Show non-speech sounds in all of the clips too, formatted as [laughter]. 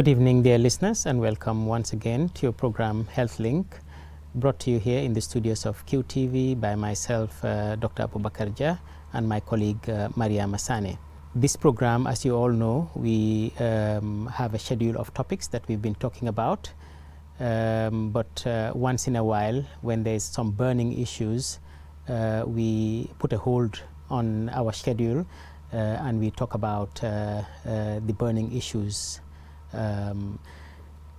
Good evening, dear listeners, and welcome once again to your program Health Link, brought to you here in the studios of QTV by myself, uh, Dr. Abubakar Jah, and my colleague uh, Maria Masane. This program, as you all know, we um, have a schedule of topics that we've been talking about. Um, but uh, once in a while, when there's some burning issues, uh, we put a hold on our schedule uh, and we talk about uh, the burning issues um,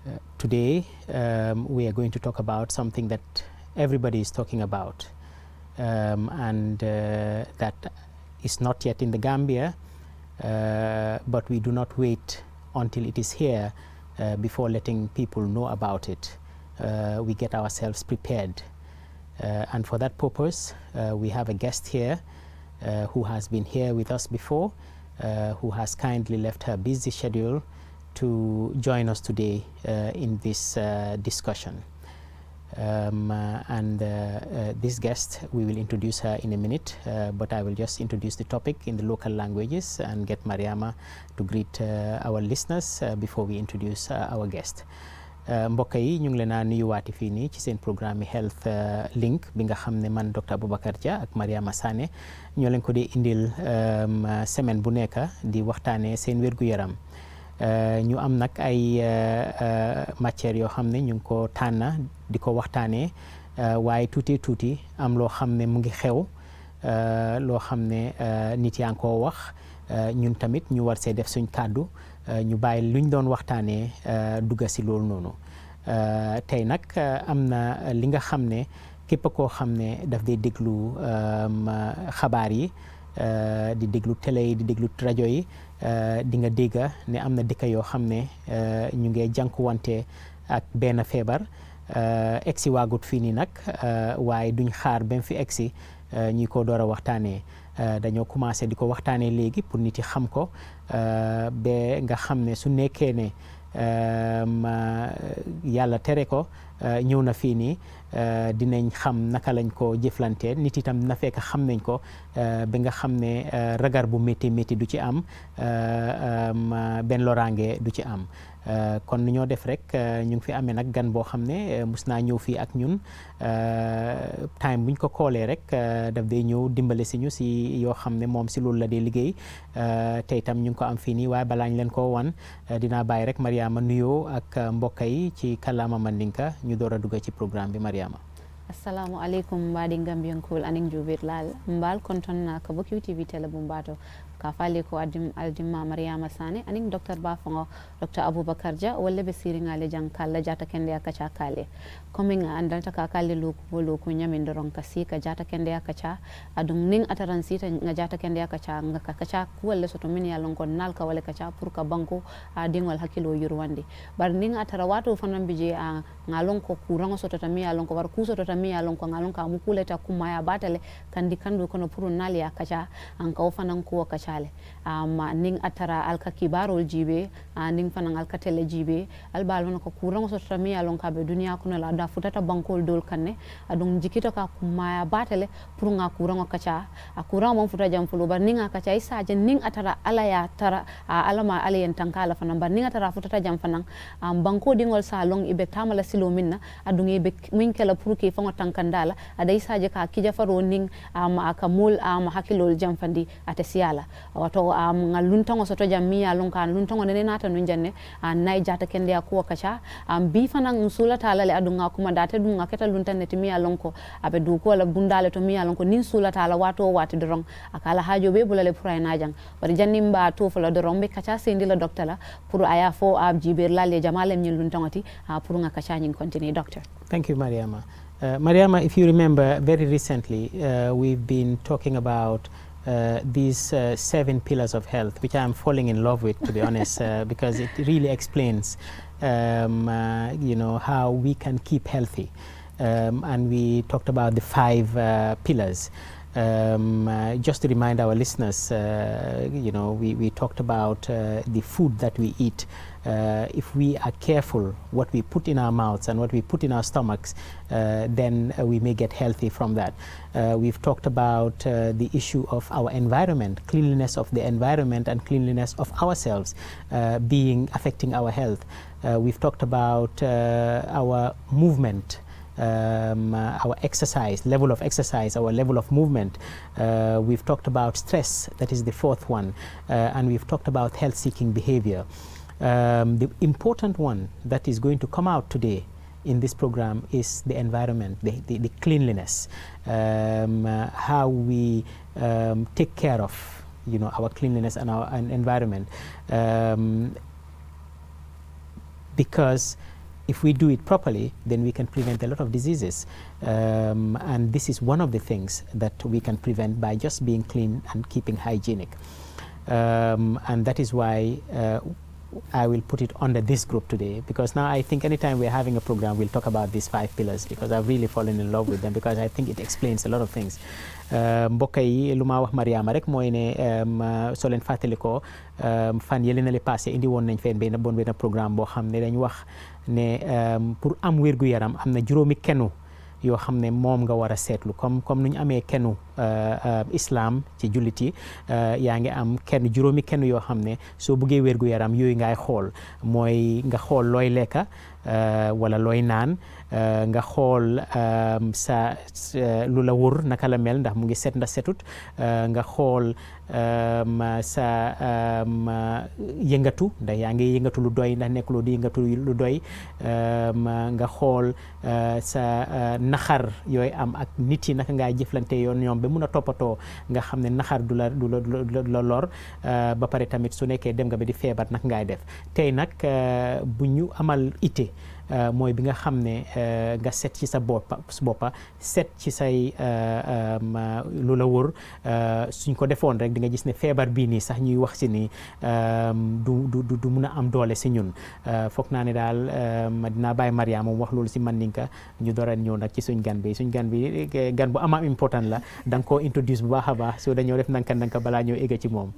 uh, today, um, we are going to talk about something that everybody is talking about um, and uh, that is not yet in the Gambia, uh, but we do not wait until it is here uh, before letting people know about it. Uh, we get ourselves prepared. Uh, and for that purpose, we have a guest here who has been here with us before, who has kindly left her busy schedule to join us today uh, in this uh, discussion. Um, uh, and this guest, we will introduce her in a minute, but I will just introduce the topic in the local languages and get Mariama to greet our listeners before we introduce our guest. mbokk yi ñu ngi leen a nuyuwaati fii nii ci seen programme health link bi nga xam ne man docteur Boubacar Dia ak Mariama Sané ñoo leen ko di indil um, semaine bu nekk di waxtaanee seen wér-gu-yaram. Eh, ñu am nag ay eh, eh, matières yoo xam ne ñu ngi ko tànna di ko waxtaanee waaye tuuti tuuti am loo xam ne mu ngi xew loo xam ne nit yaa ngi ko wax ñun tamit ñu war see def suñ kàddu ñu bàyyi luñ doon waxtaanee dugga si loolu noonu tey nag am na li nga xam ne képp koo xam ne daf dee déglu xabaar yi di déglu télé yi di déglu rajo yi Euh, di nga dégg ne am na dëkk yoo xam ne euh, ñu ngi wante ak benn feebar euh, egsi waagut fii nii nag waaye duñ xaar ba fi egsi ñi ko door a waxtaanee dañoo commencé di ko waxtaanee léegi pour nit yi xam ko ba nga xam ne su nekkee ne yàlla tere ko Euh, ñëw na fii nii euh, dinañ xam naka lañ ko jëflantee nit itam na fekk xam nañ ko euh, bi nga xam ne ragar bu métti métti du ci am benn loraange du ci am Euh, kon ñoo def rek euh, ñu ngi fi amee nag gan boo xam ne euh, mus naa ñëw fii ak ñun time buñ ko koolee rek daf day ñëw dimbale si ñu si yoo xam ne moom si loolu la dee liggéey tey itam ñu ngi ko am fii nii waaye balaa leen ko wan dina bàyyi rek Mariama nuyoo ak mbokk yi ci kàllaama Mandinka ñu door a dugg ci programme bi Mariama. assalamu aleykum mbaɗi gam yonkuwol anen jubirlal mbal konton na ka bo qtv télé bo mbato kafali ko aljimma mariama sane anin docteur bafongo docteur ja wala be siringa le jang kalla jata kende aka cha kale commin andalta ka kale lokubo loku ñamin doron ka si ka jata kende aka cha adum nin ataran sita nga jata kende aka cha nga ka cha kakaca wala soto min ya lon ko nal ka wala ka cha pour ka banko a dingol hakkilo yurwande bar nin atara wato fanan bije a ga lon ko kurango soto tammi ya lon ko war kusotota tammi ya lon ko ga lon ka mukuleta kumaya batale kandi kandu kono pour nal ya ka cha an ka ofanan fanan ka cha tale um, ning atara alka kibarol jibe uh, ning fanan alka tele jibe albal wono ko kurango so tammi alon ka be duniya kuno la da futata bankol dol kanne adon jikito ka kumaya batale pour nga kurango kacha a kurango mon futa jam fulo bar ninga kacha isa je ning atara ala ya tara uh, alama ala yen tankala fanan bar ninga tara futata jam fanan um, banko dingol sa long ibe tamala silo minna adon ibe min kala pour ke fango tankandala ada isa je ka kija faro ning um, akamul mul um, hakilol jam fandi ate wato um, ngal luntango soto jam miya lonka luntango uh, nene nata nun janne uh, nay jata kende akuwa kacha um, bi fana nsula talale adunga kuma date dunga keta luntanne ti miya lonko abe duku wala bundale to mi miya lonko nin sula tala wato wati dorong akala hajo be bulale pura najang wadi janni mba to fula dorong be kacha sendi la doctor la pour aya fo ab uh, jibir lalle jamale nyin luntango ti a uh, pour nga kacha nyin continue doctor thank you mariama uh, mariama if you remember very recently uh, we've been talking about uh, Uh, these uh, seven pillars of health, which I'm falling in love with, to be honest, uh, [laughs] because it really explains, um, you know, how we can keep healthy. Um, and we talked about the five uh, pillars. Um, uh, just to remind our listeners, uh, you know, we, we talked about the food that we eat uh, if we are careful what we put in our mouths and what we put in our stomachs, uh, then uh, we may get healthy from that. Uh, we've talked about uh, the issue of our environment, cleanliness of the environment and cleanliness of ourselves uh, being affecting our health. we've talked about our movement. Um, uh, our exercise, level of exercise, our level of movement. Uh, we've talked about stress, that is the fourth one, uh, and we've talked about health seeking behavior. Um, the important one that is going to come out today in this program is the environment, the, the, the cleanliness, um, uh, how we um, take care of you know our cleanliness and our and environment, um, because if we do it properly, then we can prevent a lot of diseases. Um, and this is one of the things that we can prevent by just being clean and keeping hygienic. Um, and that is why uh, I will put it under this group today because now I think anytime we're having a program, we'll talk about these five pillars because I've really fallen in love with them because I think it explains a lot of things. mbokk um, yi lu ma wax Mariama rek mooy ne um, uh, soo leen fàttalikoo um, fan yële na li passé indi woon nañ feen benn bon benn programme boo xam ne dañ wax ne pour am wer yaram am na juróomi kenu yoo xam ne moom nga war a seetlu comme comme nu ñu amee kenu euh, euh, islam ci jullit yi euh, yaa ngi am kenn juróomi kenn yoo xam ne soo buggee wér yaram yooyu ngay xool mooy nga xool looy lekka wala looy naan Euh, nga xool euh, sa euh, lu la wër naka la mel ndax mu ngi set ndax setut nga xool sa yëngatu ndax yaa ngi yëngatu lu doy ndax nekkuloo di yëngatu lu doy nga xool sa naxar yooyu am ak nit yi naka ngaa jëflante yoon ñoom ba mun a toppatoo nga xam ne naxar du la du la ba pare tamit su nekkee dem nga ba di feebar naka ngay def tey nag bu ñu amal ite Eh, moy bi nga xam eh, nga set ci sa bop su set ci say eh, lu la wër suñ ko defone rek di nga gis ne feebar bi ni sax ñuy wax ci ni du du du mëna am doole ci ñun foog na ne dal dinaa baye mariam moom wax ci man ninka ñu dara ñew nak ci suñ gan bi suñ gan bi gan bu am important la dang ko introduce bu baaxa baax so dañu def nanka nanka bala ñew egga ci moom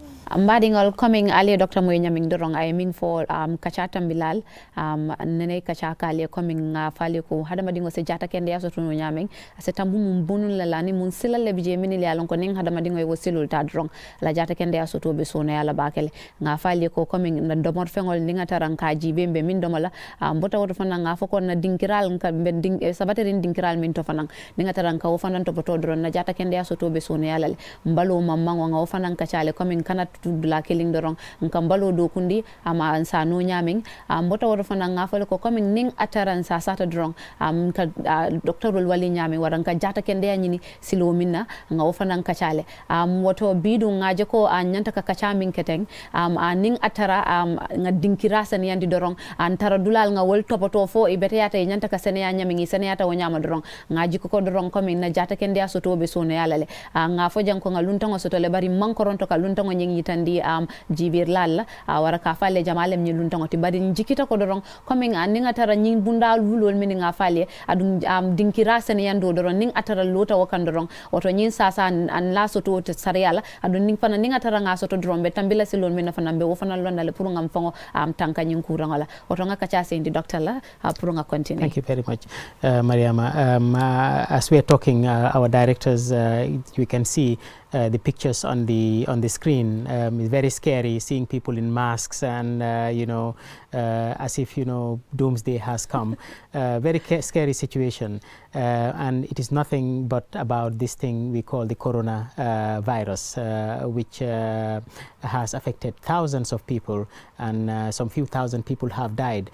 ngol coming ali docteur moy ñaming dorong ay min fo um, kacha tambilal am um, nene kacha kale komin nga fali ko hadamadin se jata kende yaso tuno nyamen ase tambu mun bunun la lani mun sila lebi je min le alon ko nin hadamadin go silul ta drong la jata kende yaso to be sona yala bakele nga fali ko komin na domor fengol ninga taran kaji bembe min domola ah, mbota woto fana nga fo na dinkiral ka be ding eh, sabaterin dinkiral min to fana ninga taran ka wo fana to boto dron na jata kende yaso to be sona yala mbalo mamma nga wo fana ka chale komin kana tudula kelin dorong nka mbalo do kundi ama ansano nyamen ah, mbota woto fana nga fali ko komin ning ataran sa sata drong um, ka uh, doctorul wali nyame waran ka jata ken de nyini silo minna nga ofana kachale um, woto bidu ngaje ko uh, nyanta ka kacha min keteng um, uh, ning atara um, nga dinkira sen yandi an uh, tara dulal nga wol topoto fo e bete yata nyanta ka sene ya nyame ngi sene yata wonyama dorong ngaji ko ko dorong ko min na jata kende ya soto be sone yalale uh, nga fo ko nga luntango soto le bari mankoronto ka lunta ngo nyingi tandi um, jibir lal uh, waraka ka falle jamalem nyi luntango ti bari njikita ko dorong ko min aninga uh, tara atara ñing bundal wulol min nga faale adum am dinki sen yando doro ning atara lota wakan doron oto ñin sasa an la soto to sariala adum ning fana ning atara nga soto doron be tambila silon min fana be wo fana londale pour ngam fango am tanka ñing la oto nga kacha sen di docteur la pour nga continue thank you very much uh, mariama um, uh, as we are talking uh, our directors uh, you can see Uh, the pictures on the on the screen. Um, it's very scary seeing people in masks and uh, you know uh, as if you know doomsday has come. [laughs] Uh, very scary situation, uh, and it is nothing but about this thing we call the coronavirus, which has affected thousands of people, and some few thousand people have died.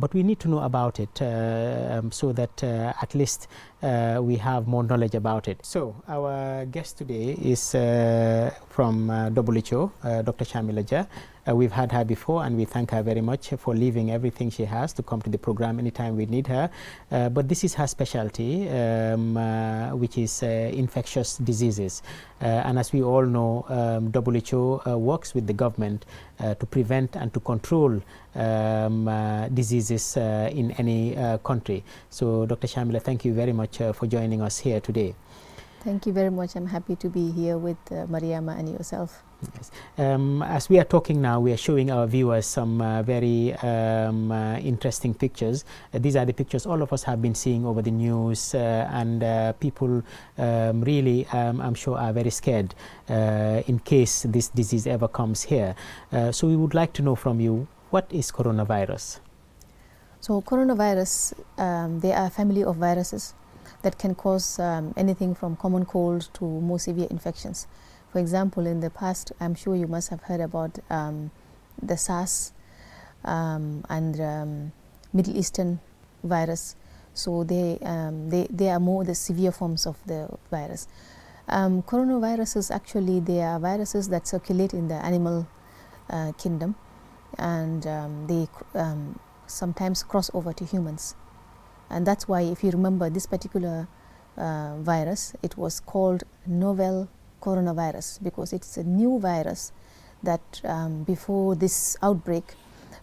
but we need to know about it um, so that at least uh, we have more knowledge about it. So our guest today is uh, from WHO, Dr. Jha. Uh, we've had her before and we thank her very much for leaving everything she has to come to the program anytime we need her. Uh, but this is her specialty, um, uh, which is uh, infectious diseases. Uh, and as we all know, um, WHO uh, works with the government to prevent and to control um, diseases in any country. So Dr. Shamila, thank you very much for joining us here today. Thank you very much. I'm happy to be here with Mariama and yourself. Yes. Um, as we are talking now, we are showing our viewers some uh, very um, uh, interesting pictures. Uh, these are the pictures all of us have been seeing over the news, uh, and uh, people um, really, um, I'm sure, are very scared uh, in case this disease ever comes here. so, we would like to know from you what is coronavirus? So, coronavirus, um, they are a family of viruses that can cause um, anything from common cold to more severe infections. For example, in the past, I'm sure you must have heard about um, the SARS um, and um, Middle Eastern virus. So they, um, they, they are more the severe forms of the virus. Um, coronaviruses actually, they are viruses that circulate in the animal uh, kingdom and um, they um, sometimes cross over to humans. And that's why, if you remember this particular uh, virus, it was called novel coronavirus because it's a new virus that um, before this outbreak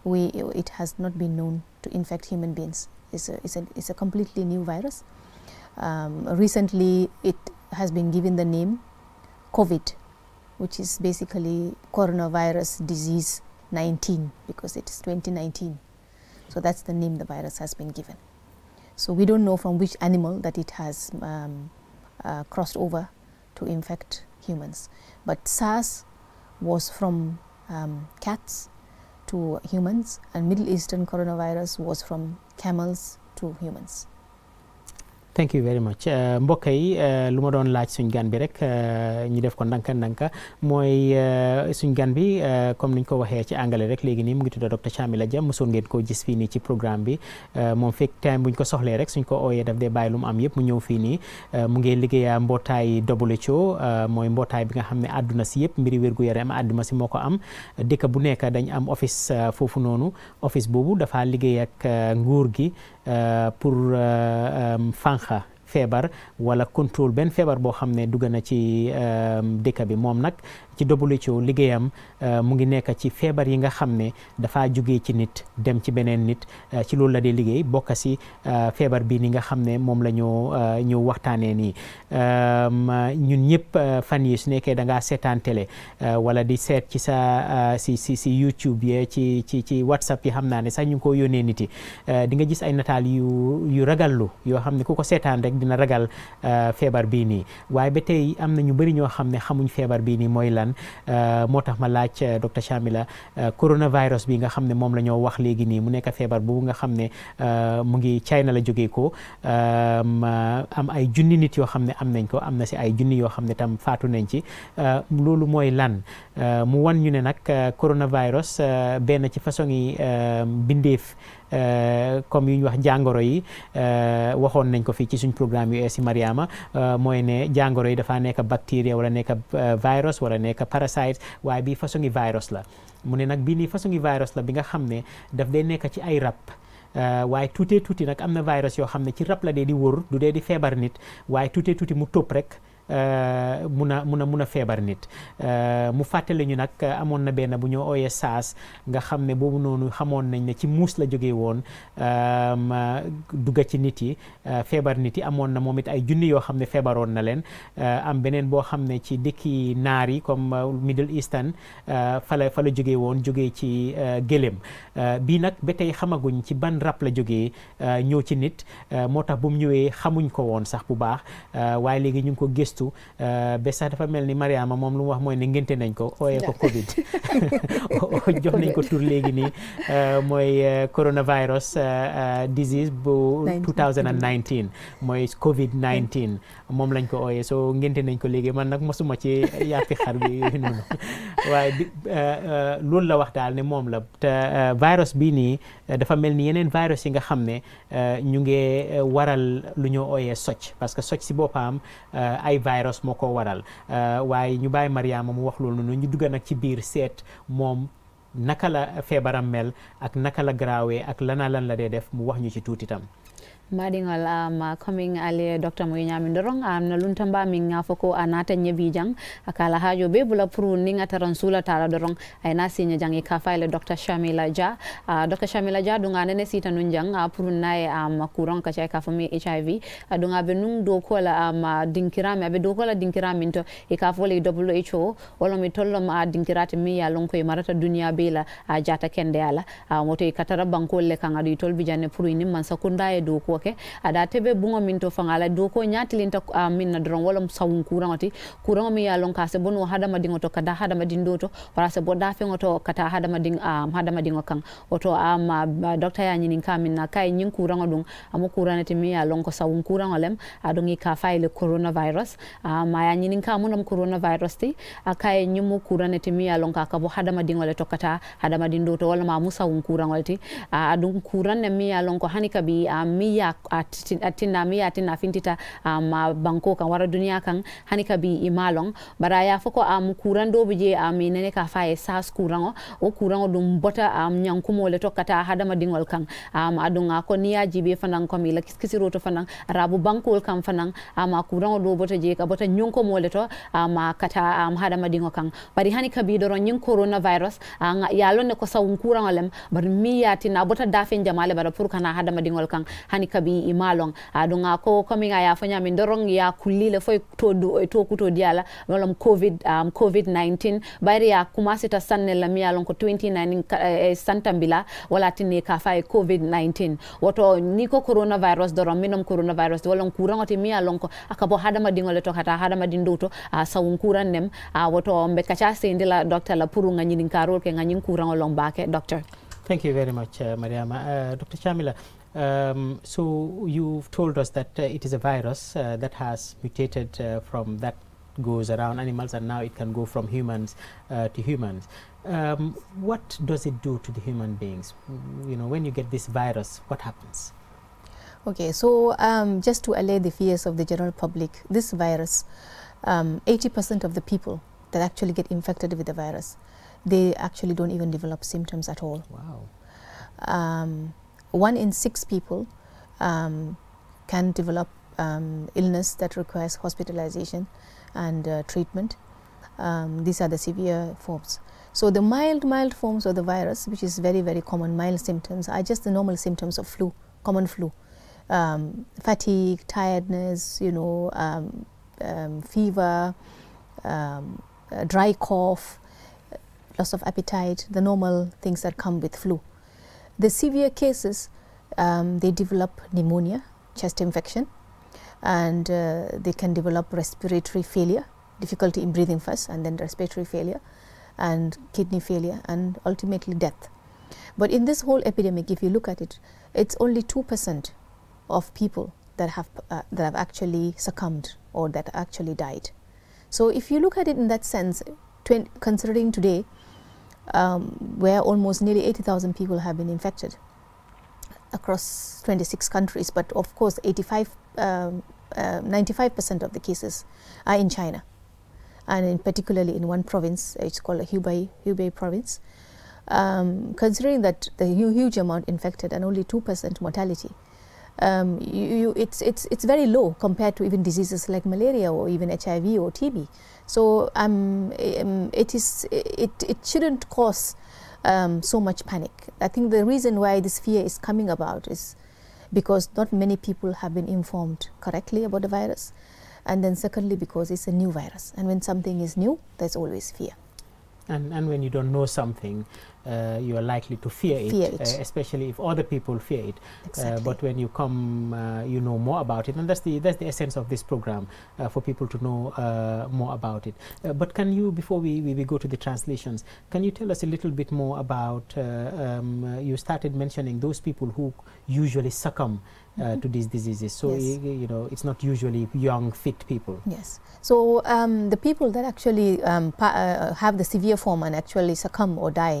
we it has not been known to infect human beings it's a, it's a, it's a completely new virus um, recently it has been given the name covid which is basically coronavirus disease 19 because it's 2019 so that's the name the virus has been given so we don't know from which animal that it has um, uh, crossed over to infect humans. But SARS was from um, cats to humans and Middle Eastern coronavirus was from camels to humans. thank you very much euh, euh, lu ma doon laaj suñ gan bi rek euh, ñu def ko ndanka ndanka mooy suñ gan bi comme niñ ko waxee ci anglais rek léegi nii mu ngi tudda docteur Shamila Jammeh mosoon ngeen koo gis fii nii ci programme bi moom fekk time buñ ko soxlee rek suñ ko oyee daf dee bàyyi lu am yëpp mu ñëw fii nii mu ngi liggéeya mbootaay WHO mooy mbootaay bi nga xam ne àdduna si yëpp mbiri wérgu yaram àdduna si moo ko am dëkk bu nekk dañ am office foofu noonu office boobu dafa liggéey ak gi Euh, pour euh, euh, fànqa feebar wala contrôle benn feebar boo xam ne dugg na ci dëkk bi moom nag ci WHO liggéeyam euh, mu ngi nekk ci feebar yi nga xam ne dafaa jóge ci nit dem ci beneen nit euh, ci loolu la dee liggéey bokk si euh, feebar bii ni nga xam ne moom la ñoo ñëw waxtaanee nii ñun ñëpp fan yi su nekkee da ngaa seetaan wala di seet ci sa si si si YouTube yee ci ci ci WhatsApp yi xam naa ne sax ñu ngi yónnee nit yi di nga gis ay nataal yu yu ragallu yoo xam ko seetaan dina ragal feebar bii nii waaye ba tey am na ñu bëri ñoo xam ne xamuñ feebar bii nii mooy la lan euh, moo tax ma laaj euh, docteur Chamila euh, coronavirus bi nga xam ne moom la ñoo wax léegi nii mu nekk feebar boobu nga xam ne mu ngi China la joge ko am ay junni nit yoo xam ne am nañ ko am na si ay junni yoo xam ne tam faatu nañ ci loolu mooy lan mu wan ñu ne nag coronavirus benn ci façon yi bindeef. Euh, comme yu ñu wax jàngoro yi euh, waxoon nañ ko fii ci suñ programme yu ees yi Mariama euh, mooy ne jàngoro yi dafaa nekk bactérie wala nekk virus wala nekk parasite waaye bii façon virus la mu ne nag bii nii façon virus la bi nga xam ne daf day nekk ci ay rab. waaye tuutee tuuti nag am na virus yoo xam ne ci rab la dee di wër du dee di feebar nit waaye tuute tuuti mu topp rek. Euh, mun a mun a mun a feebar nit euh, mu fàttali ñu nag amoon na benn bu ñu ooyee SARS nga xam ne boobu noonu xamoon nañ ne ci muus la jógee woon euh, dugga ci nit yi feebar nit yi amoon na moom it ay junni yoo xam ne feebaroon na leen am beneen boo xam ne ci dëkki naar yi comme Middle Eastern fa la fa jógee woon jógee ci gëléem bii nag ba tey xamaguñ ci ban rab la jóge ñëw ci nit moo tax bu mu ñëwee xamuñ ko woon sax bu baax waaye léegi ñu ngi ko gëstu gëstu euh, ba sax dafa mel ni Mariama moom lu wax mooy ne ngénte nañ ko ooyee ko Covid [laughs] jox nañ ko tur léegi nii euh, mooy euh, coronavirus disease bu 2019 mooy Covid 19 moom lañ ko ooyee soo ngénte nañ ko léegi man nag mosuma ci yàppi xar bi yooyu [laughs] noonu waaye bi euh, euh, loolu la wax ne moom la te euh, virus bii nii dafa mel ni yeneen virus yi nga xam ne ñu ngi waral lu ñoo ooyee socc parce que socc si boppam ay virus moo ko waral waaye ñu bàyyi Mariama mu wax loolu ñu dugg nag ci biir seet moom naka la feebaram mel ak naka la garaawee ak lana lan la dee def mu wax ñu ci tuuti tam Madingol um, coming docteur Dr. Mwenyami Ndorong am na lunta ba min nga foko anata nyebi jang akala hajo be bula puru ninga taran sula tala dorong ay na sinya jang ka faile Dr. Shamila Ja uh, Dr. Shamila Ja dunga ne sita nun jang uh, puru nae um, kuron ka chai ka fami HIV uh, dunga be nung do kola um, dinkiram be do kola dinkiram into e ka fole WHO wala mi tollo ma dinkirate mi ya lonko e marata dunia bela uh, jata kende ala uh, moto e katara bankolle kanga do tolbi janne puru ni man sakunda e do ko ke ada tebe bunga min to la do ko linta uh, ah, min na doron wala sawun kurang oti kurang mi ya lon kase bonu hada madingo to kada hada madindo to wala se boda fe ngoto kata hada mading um, ah, hada madingo kan oto am ah, um, uh, doctor ya nyinin kamin na kai nyin kurang odun amu kurang ti mi ya lon ko sawun kurang olem adon ka faile coronavirus uh, ma ya nyinin ka munam coronavirus ti akai nyumu kurang ti mi ya lon ka kabo hada madingo le to kata hada madindo to wala ma musawun un kurang uh, adun kurang ne mi ya lon ko hanika bi uh, mi ya atinna mi atinna fintita um, banko kan wara duniya kan hani kabi imalon bara ya foko am ah, kuran do bije am ah, nene ka fae sas kurango o kurango dum bota am nyankumo le tokata hadama dingol kan am adunga ko niya jibe fanan ko mi la kiskisiro to fanan rabu banko kan fanan am kurango do bota je ka bota nyonko mole to am kata am hadama dingo kan bari hani kabi do ron coronavirus an ya lonne ko sawun kurango lem bar mi yatina bota dafen jamale bara pour kana hadama dingol kan hani kabi imalon adunga ah, ko coming aya fanya min dorong ya kulile foi to do eh, to kuto diala walam covid um, covid 19 bari ya kumasi ta sanne la miyalon ko 29 eh, eh, santambila wala tinne ka fa covid 19 woto niko coronavirus dorom minom coronavirus walam kurang oti miyalon ko akabo hadama dingole to kata hadama a uh, sawun kuran nem uh, woto mbe kacha la doctor la puru ngani karol ke ngani kurang olong bake doctor Thank you very much, uh, Mariama. Uh, Dr. Chamila, Um, so you've told us that uh, it is a virus uh, that has mutated uh, from that goes around animals and now it can go from humans uh, to humans. Um, what does it do to the human beings? You know, when you get this virus, what happens? Okay, so um, just to allay the fears of the general public, this virus, 80% um, of the people that actually get infected with the virus, they actually don't even develop symptoms at all. Wow. Um, one in six people um, can develop um, illness that requires hospitalization and uh, treatment. Um, these are the severe forms. So the mild, mild forms of the virus, which is very, very common, mild symptoms are just the normal symptoms of flu, common flu. Um, fatigue, tiredness, you know, um, um, fever, dry cough, loss of appetite, the normal things that come with flu. The severe cases, um, they develop pneumonia, chest infection, and uh, they can develop respiratory failure, difficulty in breathing first and then respiratory failure and kidney failure and ultimately death. But in this whole epidemic, if you look at it, it's only 2% of people that have, uh, that have actually succumbed or that actually died. So if you look at it in that sense, considering today um, where almost nearly 80,000 people have been infected across 26 countries. But of course, 85, 95% um, uh, of the cases are in China, and in particularly in one province, it's called Hubei, Hubei province. Um, considering that the huge amount infected and only 2% mortality, um, you, you, it's, it's, it's very low compared to even diseases like malaria or even HIV or TB. So um, um, it, is, it, it shouldn't cause um, so much panic. I think the reason why this fear is coming about is because not many people have been informed correctly about the virus. And then secondly, because it's a new virus. And when something is new, there's always fear. And, and when you don't know something, uh, you are likely to fear, fear it, it. Uh, especially if other people fear it. Uh, exactly. Uh, but when you come, uh, you know more about it, and that's the that's the essence of this program uh, for people to know more about it. but can you, before we, we, we, go to the translations, can you tell us a little bit more about? Um, you started mentioning those people who usually succumb. Mm -hmm. to these diseases, so yes. you know it's not usually young, fit people. Yes. So um, the people that actually um, have the severe form and actually succumb or die,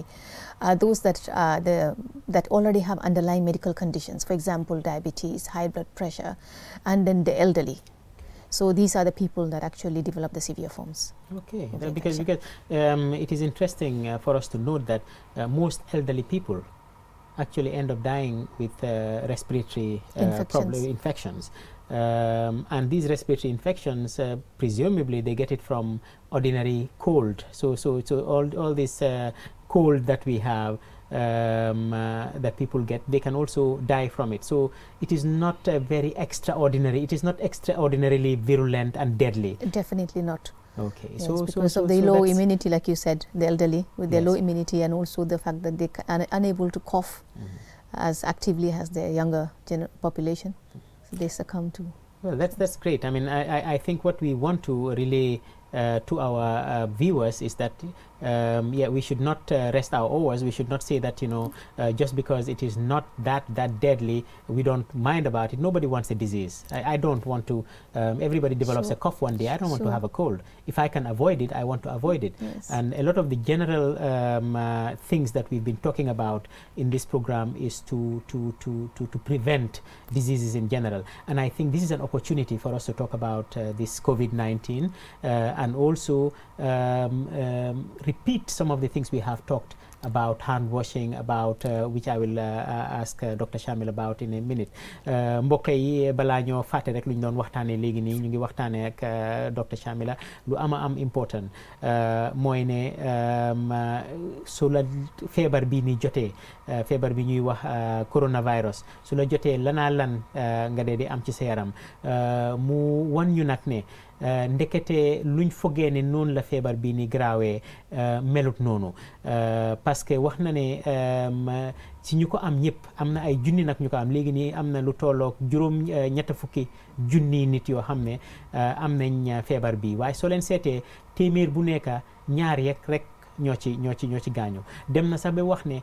uh, those that uh, the, that already have underlying medical conditions, for example, diabetes, high blood pressure, and then the elderly. So these are the people that actually develop the severe forms. Okay, because because um, it is interesting uh, for us to note that uh, most elderly people actually end up dying with uh, respiratory uh, infections. infections. Um, and these respiratory infections, uh, presumably, they get it from ordinary cold. So, so, so all all these uh, cold that we have um, uh, that people get, they can also die from it. So it is not uh, very extraordinary. It is not extraordinarily virulent and deadly. Definitely not. Okay. Yes, so because so, of so, the so low immunity, like you said, the elderly with yes. their low immunity, and also the fact that they are unable to cough mm -hmm. as actively as the younger population, so they succumb to. Well, that's that's great. I mean, I I, I think what we want to relay uh, to our uh, viewers is that um, yeah, we should not uh, rest our oars. We should not say that, you know, uh, just because it is not that, that deadly, we don't mind about it. Nobody wants a disease. I, I don't want to, um, everybody develops sure. a cough one day. I don't want sure. to have a cold. If I can avoid it, I want to avoid it. Yes. And a lot of the general um, uh, things that we've been talking about in this program is to, to, to, to, to prevent diseases in general. And I think this is an opportunity for us to talk about uh, this COVID-19 uh, and also um, um, repeat some of the things we have talked about hand washing about uh, which I will uh, uh, ask Dr Shamil about in a minute mbokk yi balaa ñoo fàtte rek lu ñu doon waxtaanee léegi nii ñu ngi waxtaanee ak Dr Shamila lu ama am important mooy ne um, su la feebar bi ni jotee feebar bi ñuy wax coronavirus su la jotee lanaa lan nga dee di am ci sa mu wan ñu nag ne Eh, ndekete luñ fogee ne noonu la feebar bii ni graawee eh, melut noonu eh, parce que wax na ne ci ñu ko am ñëpp am na ay junni nag ñu ko am léegi nii am na lu tollook juróom ñett fukki junni nit yoo xam ne am nañ feebar bi waaye soo leen seetee téeméer bu nekk ñaar yek rek ñoo ci ñoo ci ñoo ci gaañu dem na sax ba wax ne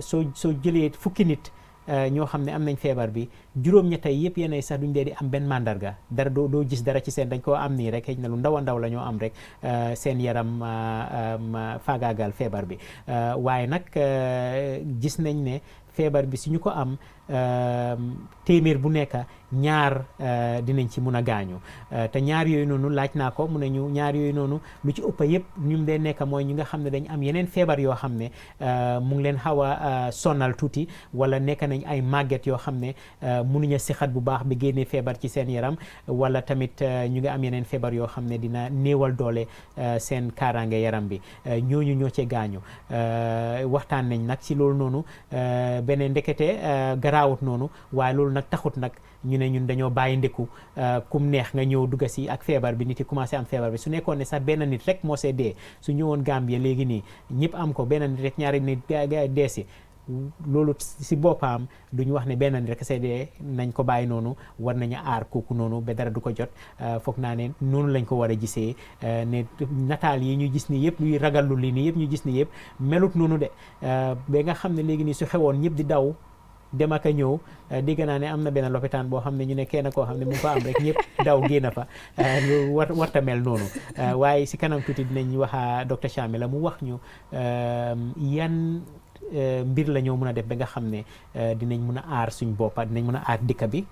soo soo jëlee fukki nit ñoo xam ne am nañ feebar bi juróom-ñett yi yëpp yenn sax duñ leen di am benn mandarga dara doo doo gis dara ci seen dañ koo am nii rek xëy na ndaw ndaw la am rek euh, seen yaram euh, euh, faagaagal feebar bi waaye nag gis nañ ne feebar bi su ñu ko am téeméer bu nekk ñaar dinañ ci mun a gaañu te ñaar yooyu noonu laaj naa ko mu ne ñu ñaar yooyu noonu lu ci ëpp yëpp ñu leen nekk mooy ñi nga xam ne dañ am yeneen feebar yoo xam ne mu ngi leen xaw a sonal tuuti wala nekk nañ ay màgget yoo xam ne munuñ a sixat bu baax ba génnee feebar ci seen yaram wala tamit euh, ñu ngi am yeneen feebar yoo xam ne dina néewal doole euh, seen kaaraange yaram bi euh, ñooñu ñoo ci gaañu waxtaan nañ nag ci loolu noonu beneen ndekete garaawut noonu waaye loolu nag taxut nag ñu ne ñun dañoo bàyyi ndeku kum neex nga ñëw dugga si ak feebar bi nit yi commencé am feebar bi su nekkoon ne sax benn nit rek moo see dee su ñëwoon Gambie léegi nii ñëpp am ko benn nit rek ñaari nit dee loolu si boppam duñu wax ne benn nit rek seede nañ ko bàyyi noonu war nañu aar kooku noonu ba dara du ko jot euh, foog naa ne noonu lañ ko war a gisee euh, ne nataal yi ñu gis nii yëpp ñu ragallu li nii yëpp ñu gis ni yëpp melut noonu de euh, ba nga xam ne léegi nii su xewoon ñëpp di daw dem ak a ñëw dégg naa ne am na benn lopitaan boo xam ne ñu ne kenn koo xam ne mu fa am rek ñëpp daw génn fa war warta mel noonu waaye si kanam tuuti dinañ waxaa docteur Chamila mu wax ñu yan Euh, mbir la ñoo mën a def ba nga xam ne euh, dinañ mun a aar suñ boppa dinañ mën a aar dëkk bi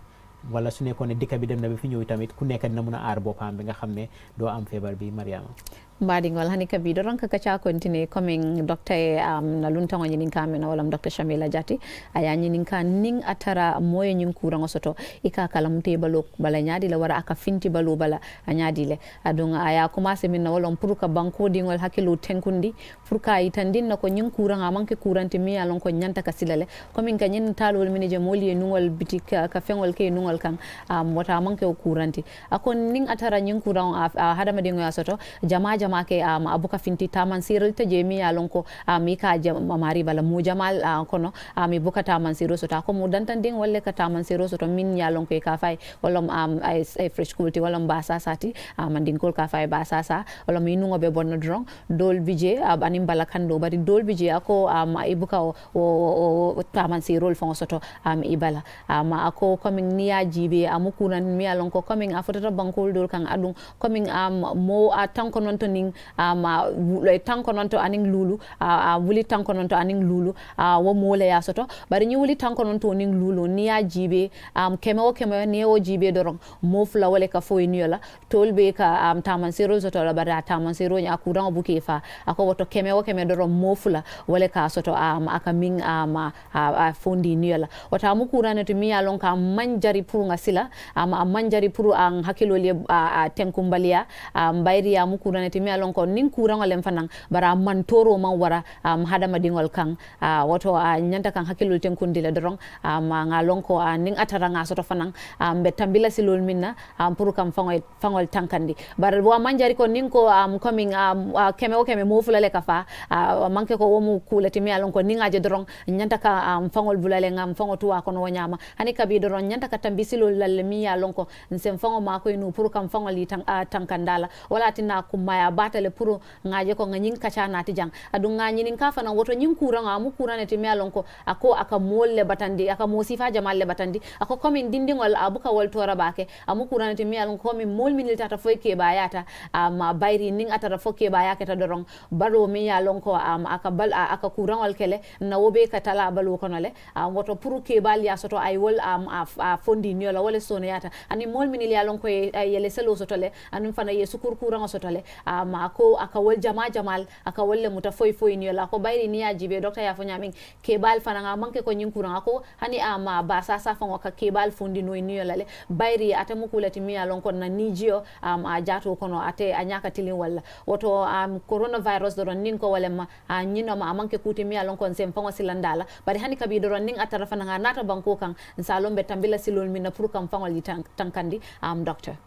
wala su nekkoon ne dëkk bi dem na ba fi ñëw tamit ku nekk dina mun a aar boppam bi nga xam ne doo am feebar bi Mariama mbaɗigol hani um, ka biɗo ronka kaca kontini commin docteur um, na lunta luntago ñinin ka na wala docteur shamila jati aya ñinin ka nin atara tara moyo ñin kurago soto i ka kalamute balo bala ñaadi la wara aka finti balo bala a ñaadi le aɗum aya commencé min na walam pour ka bankodigol hakkilo tenkundi pour ka yitandin na ko ñin kurago a manke kuranti mi alon ko nyanta kasilale silale commin ka ñin talol mine je moli e nugol biti ka, ka feŋol ke e nugol kan um, wata manke o kuranti ako nin atara tara ñin kurago um, a, ah, a hadamadigol ya soto jama jama jama ke um, ah, abuka finti taman sirol te jemi ya lonko um, ah, ika jama mari bala mu jamal uh, kono um, ibuka taman siro so ta ko mu dantan ding walle ka taman siro so to min ya lonko e ka fay wala um, ay, ay fresh kulti wala sa sati um, andin kol ka fay ba sa wala mi nungo be bonno drong dol bije ab anim bala kan do bari dol bije ako um, ibuka o, o, o, o taman sirol fon soto um, ibala um, ako coming niya jibe amukunan mi ya lonko coming afoto bankol dol kan adun coming um, mo a tanko non to aning um, uh, tankononto aning lulu uh, uh, wuli tankononto aning lulu uh, wo mole ya soto bari ñi wuli tankononto aning lulu ni ya jibe um, keme wo keme ni wo jibe doron mo fula wala ka foy ni la tol be ka um, taman sero soto la bari taman sero nya kuran bu ke fa ako woto keme wo keme doron mo fula wala ka soto um, aka min um, uh, uh, fondi ni la wata mu kuran to mi ya lon ka manjari pour ngasila um, manjari pour ang hakilo le uh, tenkumbalia um, bayri ya mu kuran to mi alon ko nin kuraŋolen fanan bara man toro man wara um, hadamadiŋol kaŋ uh, woto a uh, ñanta kaŋ hakkilol ten kundi le doroŋ um, ŋa lon ko uh, niŋ a tara ŋa soto fanaŋ um, be tambila silol min na um, pour kam faŋol, faŋol tankandi bara wa man jari ko niŋ ko um, coming um, uh, keme wo keme mofula le ka fa uh, manke ko womu kulati mi alon ko niŋ a je doroŋ ñanta ka um, faŋol bulale ŋam faŋo tuwa kono wo ñama hani kabi doroŋ ñanta ka tambi silol lalle miŋ ye a lon ko nsen faŋo makoy nu pour kam faŋol yi tankandala uh, wala tinna kummaya batale pour ngaje ko nganyin kacha nati jang adu nganyin ka fana woto nyin kura nga mu kura neti melon ko ako aka molle batandi aka mosifa jamalle batandi ako komin dindingol abuka wol tora bake amu kura neti melon ko min mol min litata foy ke bayata am bayri ning atara fo ke bayake ta dorong baro mi ya lon ko am aka bal aka kura wal kele na wobe ka tala balu ko le um, woto pour ke bal ya soto ay wol am a, fondi nyola wala sono yata ani mol min ya lon ko e, yele selo soto le anum fana yesu kurkura ngosotole um, amma ko akawol jama jamal akawol le muta foy foy niyola ko bayri ni ya jibe docteur ya fo nyamin kebal fananga manke ko nyin kuranga ko hani amma ba sa sa fango ka bal fundi no niyola le bayri ate mu kulati mi alon ko na nijio am a jato kono ate a nyaka tilin walla woto am coronavirus ron nin ko wala ma a nyino ma manke kuti mi alon ko sem fango silandala bari hani kabi ron nin atara fananga nata banko kan salombe tambila silol mina pour kam fango li tankandi am docteur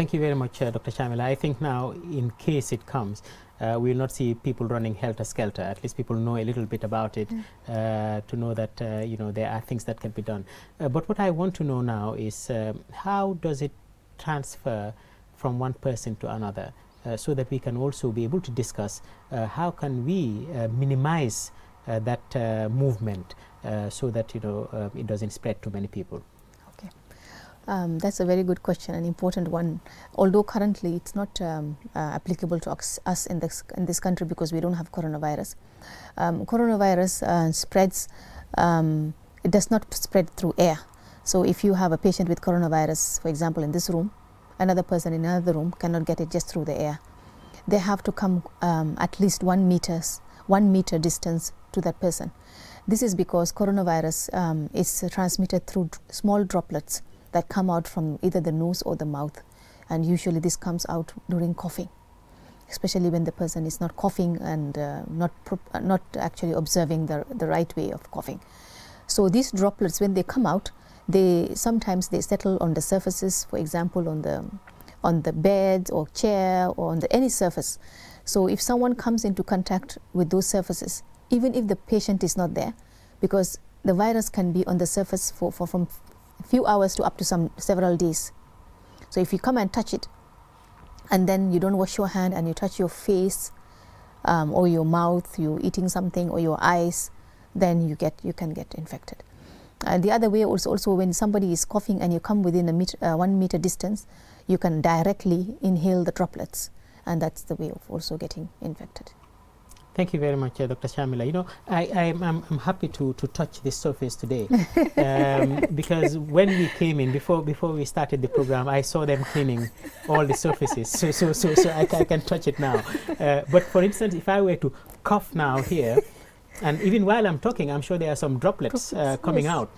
Thank you very much, uh, Dr. Shamila. I think now, in case it comes, uh, we will not see people running helter-skelter. At least people know a little bit about it mm. uh, to know that, uh, you know, there are things that can be done. Uh, but what I want to know now is um, how does it transfer from one person to another uh, so that we can also be able to discuss how can we minimize that movement so that, you know, um, it doesn't spread to many people. Um, that's a very good question, an important one. Although currently it's not um, uh, applicable to us in this in this country because we don't have coronavirus. Um, coronavirus uh, spreads. Um, it does not spread through air. So if you have a patient with coronavirus, for example, in this room, another person in another room cannot get it just through the air. They have to come um, at least one meters, one meter distance to that person. This is because coronavirus um, is transmitted through small droplets that come out from either the nose or the mouth. And usually this comes out during coughing, especially when the person is not coughing and uh, not, uh, not actually observing the, the right way of coughing. So these droplets, when they come out, they sometimes they settle on the surfaces, for example, on the, on the bed or chair or on the, any surface. So if someone comes into contact with those surfaces, even if the patient is not there, because the virus can be on the surface for, for, from few hours to up to some several days. So if you come and touch it, and then you don't wash your hand and you touch your face um, or your mouth, you're eating something or your eyes, then you get you can get infected. Uh, the other way also also when somebody is coughing and you come within a meter, uh, one meter distance, you can directly inhale the droplets, and that's the way of also getting infected. Thank you very much, uh, Dr. Shamila. You know, I, I'm, I'm, happy to, to touch this surface today [laughs] um, because when we came in, before, before we started the program, I saw them cleaning all the surfaces. So, so, so, so I, I can touch it now. Uh, but for instance, if I were to cough now here, and even while I'm talking, I'm sure there are some droplets uh, coming out.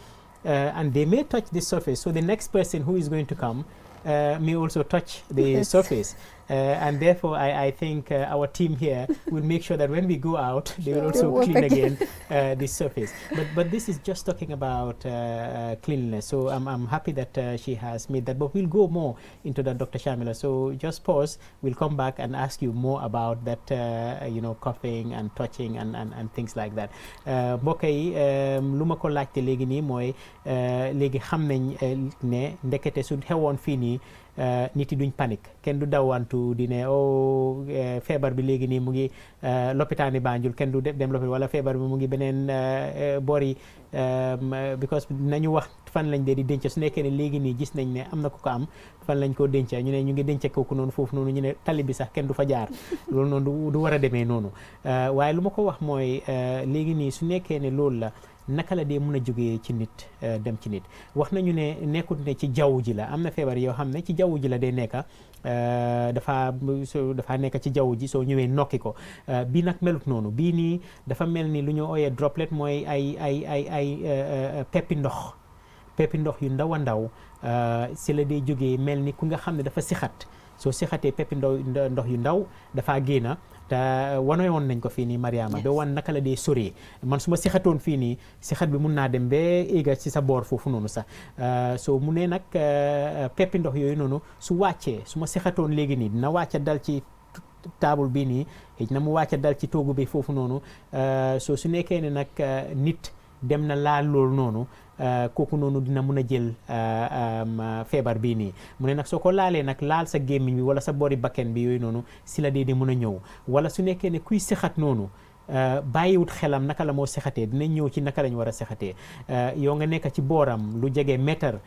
Uh, and they may touch this surface. So the next person who is going to come uh, may also touch the surface. Uh, and therefore, I, I think uh, our team here [laughs] will make sure that when we go out, they will also clean again the surface. But but this is just talking about cleanliness. So I'm, I'm happy that she has made that. But we'll go more into that, Dr. Shamila. So just pause. We'll come back and ask you more about that, you know, coughing and touching and, and, and things like that. mbokk yi um, lu ma ko laajte ne ndekete su xewoon nii eh, nit yi duñ panique kenn du dawantu di ne oh eh, feebar bi léegi nii mu ngi eh, lopitaani Banjul kenn du dem lopitaan wala feebar bi mu ngi beneen boor yi because nañu wax fan lañ dee di denc su nekkee ne léegi nii gis nañ ne am na ku ko am fan lañ koo denc ñu ne ñu ngi denc kooku noonu foofu noonu ñu ne tali bi sax kenn du fa jaar [laughs] loolu noonu du war a demee noonu waaye lu ma ko wax mooy léegi nii su nekkee ne loolu la naka la dee mën a jóge ci nit euh, dem ci nit wax nañu ne nekkut ne ci jaww ji la am na feebar yoo xam ne ci jaww ji la day nekka euh, dafa dafa nekk ci jaww ji soo ñëwee nokki ko euh, bii nag melut noonu bii nii dafa mel ni lu ñu ooyee droplet mooy ay ay ay ay peppi ndox peppi ndox yu ndaw a ndaw si la dee jógee mel ni ku nga xam ne dafa sixat soo sixatee peppi ndox yu ndaw dafa génna te wane woon nañ ko fii nii Mariama ba wan naka la dee sori man su ma sixatoon fii nii sixat bi mun naa dem ba éega ci sa boor foofu noonu sax euh, soo mu ne nag euh, peppi ndox yooyu noonu su wàccee su ma sixatoon léegi nii dina wàcce dal ci taabul bii nii xëj na mu wàcce dal ci toogu bi foofu noonu euh, soo su nekkee ne nag nit dem na laal loolu noonu euh, kooku noonu dina mun a jël euh, euh, feebar bii nii mu ne nag soo ko laalee nag laal sa gémmiñ bi wala sa boori bakken bi yooyu noonu si la dee di mun a ñëw wala su nekkee ne kuy sixat noonu bàyyiwut xelam naka la moo sexatee dinañ ñëw ci naka lañ war a seexatee yow nga nekk ci booram lu jege mètre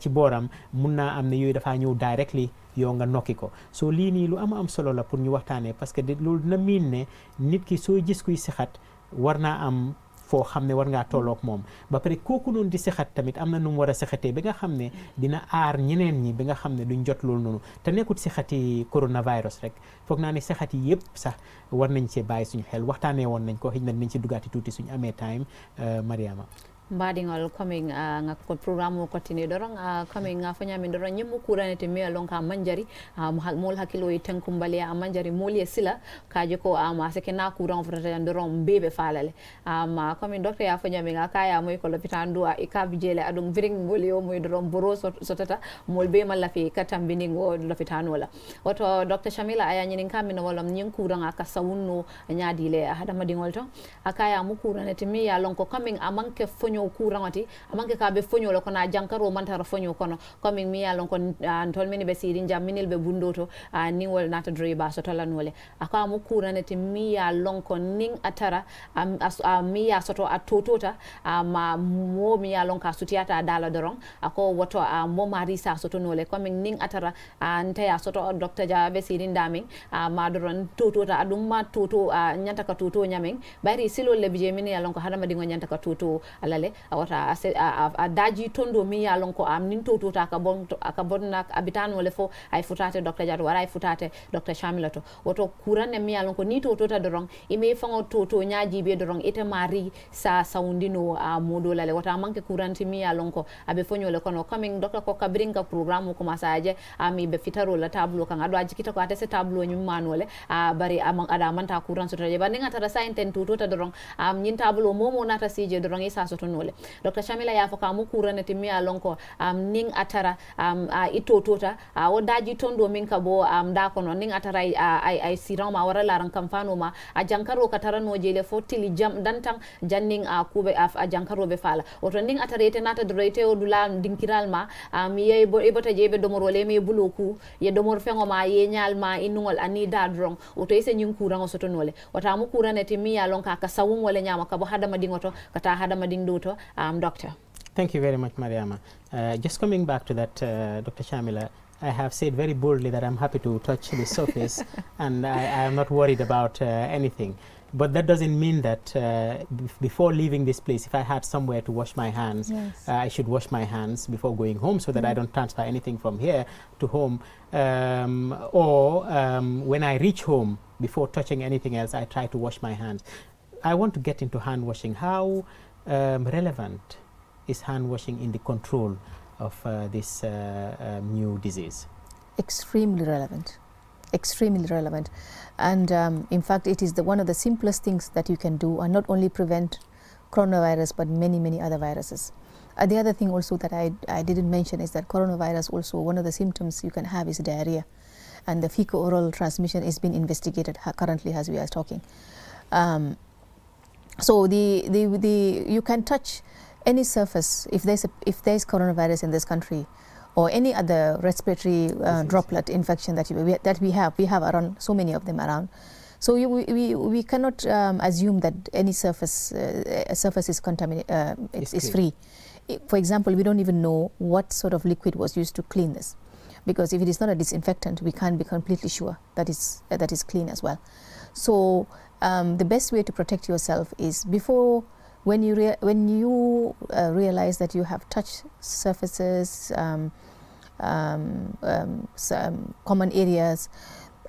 ci booram mun naa am ne yooyu dafaa ñëw directly yow nga nokki ko soo lii nii lu am am solo la pour ñu waxtaanee parce que loolu dina miin ne nit ki soo gis kuy sexat war naa am foo xam ne war ngaa tolloog moom ba pare kooku noonu di sexat tamit am na nu mu war a sexatee ba nga xam ne dina aar ñeneen ñi bi nga xam ne duñ jot loolu noonu te nekkut sexati coronavirus rek foog naa ne sexat yi yëpp sax war nañ see bàyyi suñu xel waxtaanee woon nañ ko xëy na nañ si dugaati tuuti suñu amee time euh, Mariama mbading mbadingol coming uh, nga ko programme ko tini dorong uh, coming nga fanya min dorong nyemu kurane te me lon manjari uh, mol hakilo e tan mbali ya manjari ya sila ka je ko ama se ke na kura kuran frata ya dorong bebe falale ama um, coming doctor ya fanya min ka ya moy ko lopitan do e ka bijele adum viring goli o moy dorong boro sotata mol be malla fi katam biningo lopitan wala oto doctor shamila aya nyini ka min wolom nyin kuran nga sawunno nyaadile hada madingol to akaya ya mu kurane te me ya coming amanke fonyo foño kuraŋoti amanke ka be foñolo kono a jankaro mantara foño kono comme mi ya lon ko ntol mini be sirin jam minil be bundo to uh, nin wol nata dre ba so tola nole ako amu kurane ti mi ya lon ko nin atara um, as, uh, mi ya soto a totota ma um, uh, mo mi ya lon ka sutiyata a dala doron ako woto uh, mo mari sa soto nole comme nin atara uh, nteya soto uh, docteur ja be sirin damin uh, ma doron totota adum ma toto uh, nyanta ka toto nyamin bari silol le bije mini ya lon ko hadama dingo nyanta ka toto alale le a wata a, a, a daji tondo mi ya lon ko am nin to tota ka bon ka bon na abitan wala fo ay futate docteur jadu wara ay futate docteur chamilato to woto kurane mi ya lon ko ni to tota e ime fango to to nyaaji be doron ite mari sa saundino a modo lale wata manke kuran ti mi ya lon ko abe fonyo le kono coming docteur ko kabringa programme ko masaje ami be fitaro la tableau kan adu ajikita ko atese tablo nyum manole a bari amang ada manta kuran so tare ba ninga tara sainten to tota doron am nyin tablo momo nata sije doron isa so to nole dr shamila ya fo ka mu kuranati mi a lonko um, ning atara um, a ito a wo daji tondo min ka bo um, da kono ning atara ai ay, ay ma wara laran kam fano ma a jankaro ka tarano jele le fo tili jam dantang janning a kube af a jankaro be fala o to ning atara ite nata droite o dula dinkiral ma um, ye bo e bota jebe be domoro me buloku ye domoro fengo ma ye nyal ma inungol ani da dron o to ise nyin kurango soto nole wata mu kuranati mi a lonka ka sawun wala nyama ka bo hadama dingoto kata hadama ding do Um, doctor. Thank you very much, Mariama. Uh, just coming back to that, uh, Dr. Shamila, I have said very boldly that I'm happy to touch the surface [laughs] and I, am not worried about uh, anything. But that doesn't mean that uh, before leaving this place, if I had somewhere to wash my hands, yes. uh, I should wash my hands before going home so that mm I don't transfer anything from here to home. Um, or um, when I reach home, before touching anything else, I try to wash my hands. I want to get into hand washing. How? um, relevant is hand washing in the control of uh, this uh, um, new disease? Extremely relevant, extremely relevant. And um, in fact, it is the, one of the simplest things that you can do and not only prevent coronavirus but many, many other viruses. Uh, the other thing also that I, I didn't mention is that coronavirus also one of the symptoms you can have is diarrhea and the fecal-oral transmission is being investigated currently as we are talking. Um, so the, the, the, you can touch any surface if there's, a, if there's coronavirus in this country or any other respiratory uh, droplet infection that, you, we, that we have. We have around so many of them around. So you, we, we cannot um, assume that any surface uh, surface is contaminated uh, is, free. for example, we don't even know what sort of liquid was used to clean this, because if it is not a disinfectant, we can't be completely sure that it's uh, that is clean as well. So um, the best way to protect yourself is before when you when you uh, realize that you have touched surfaces, um, um, um common areas,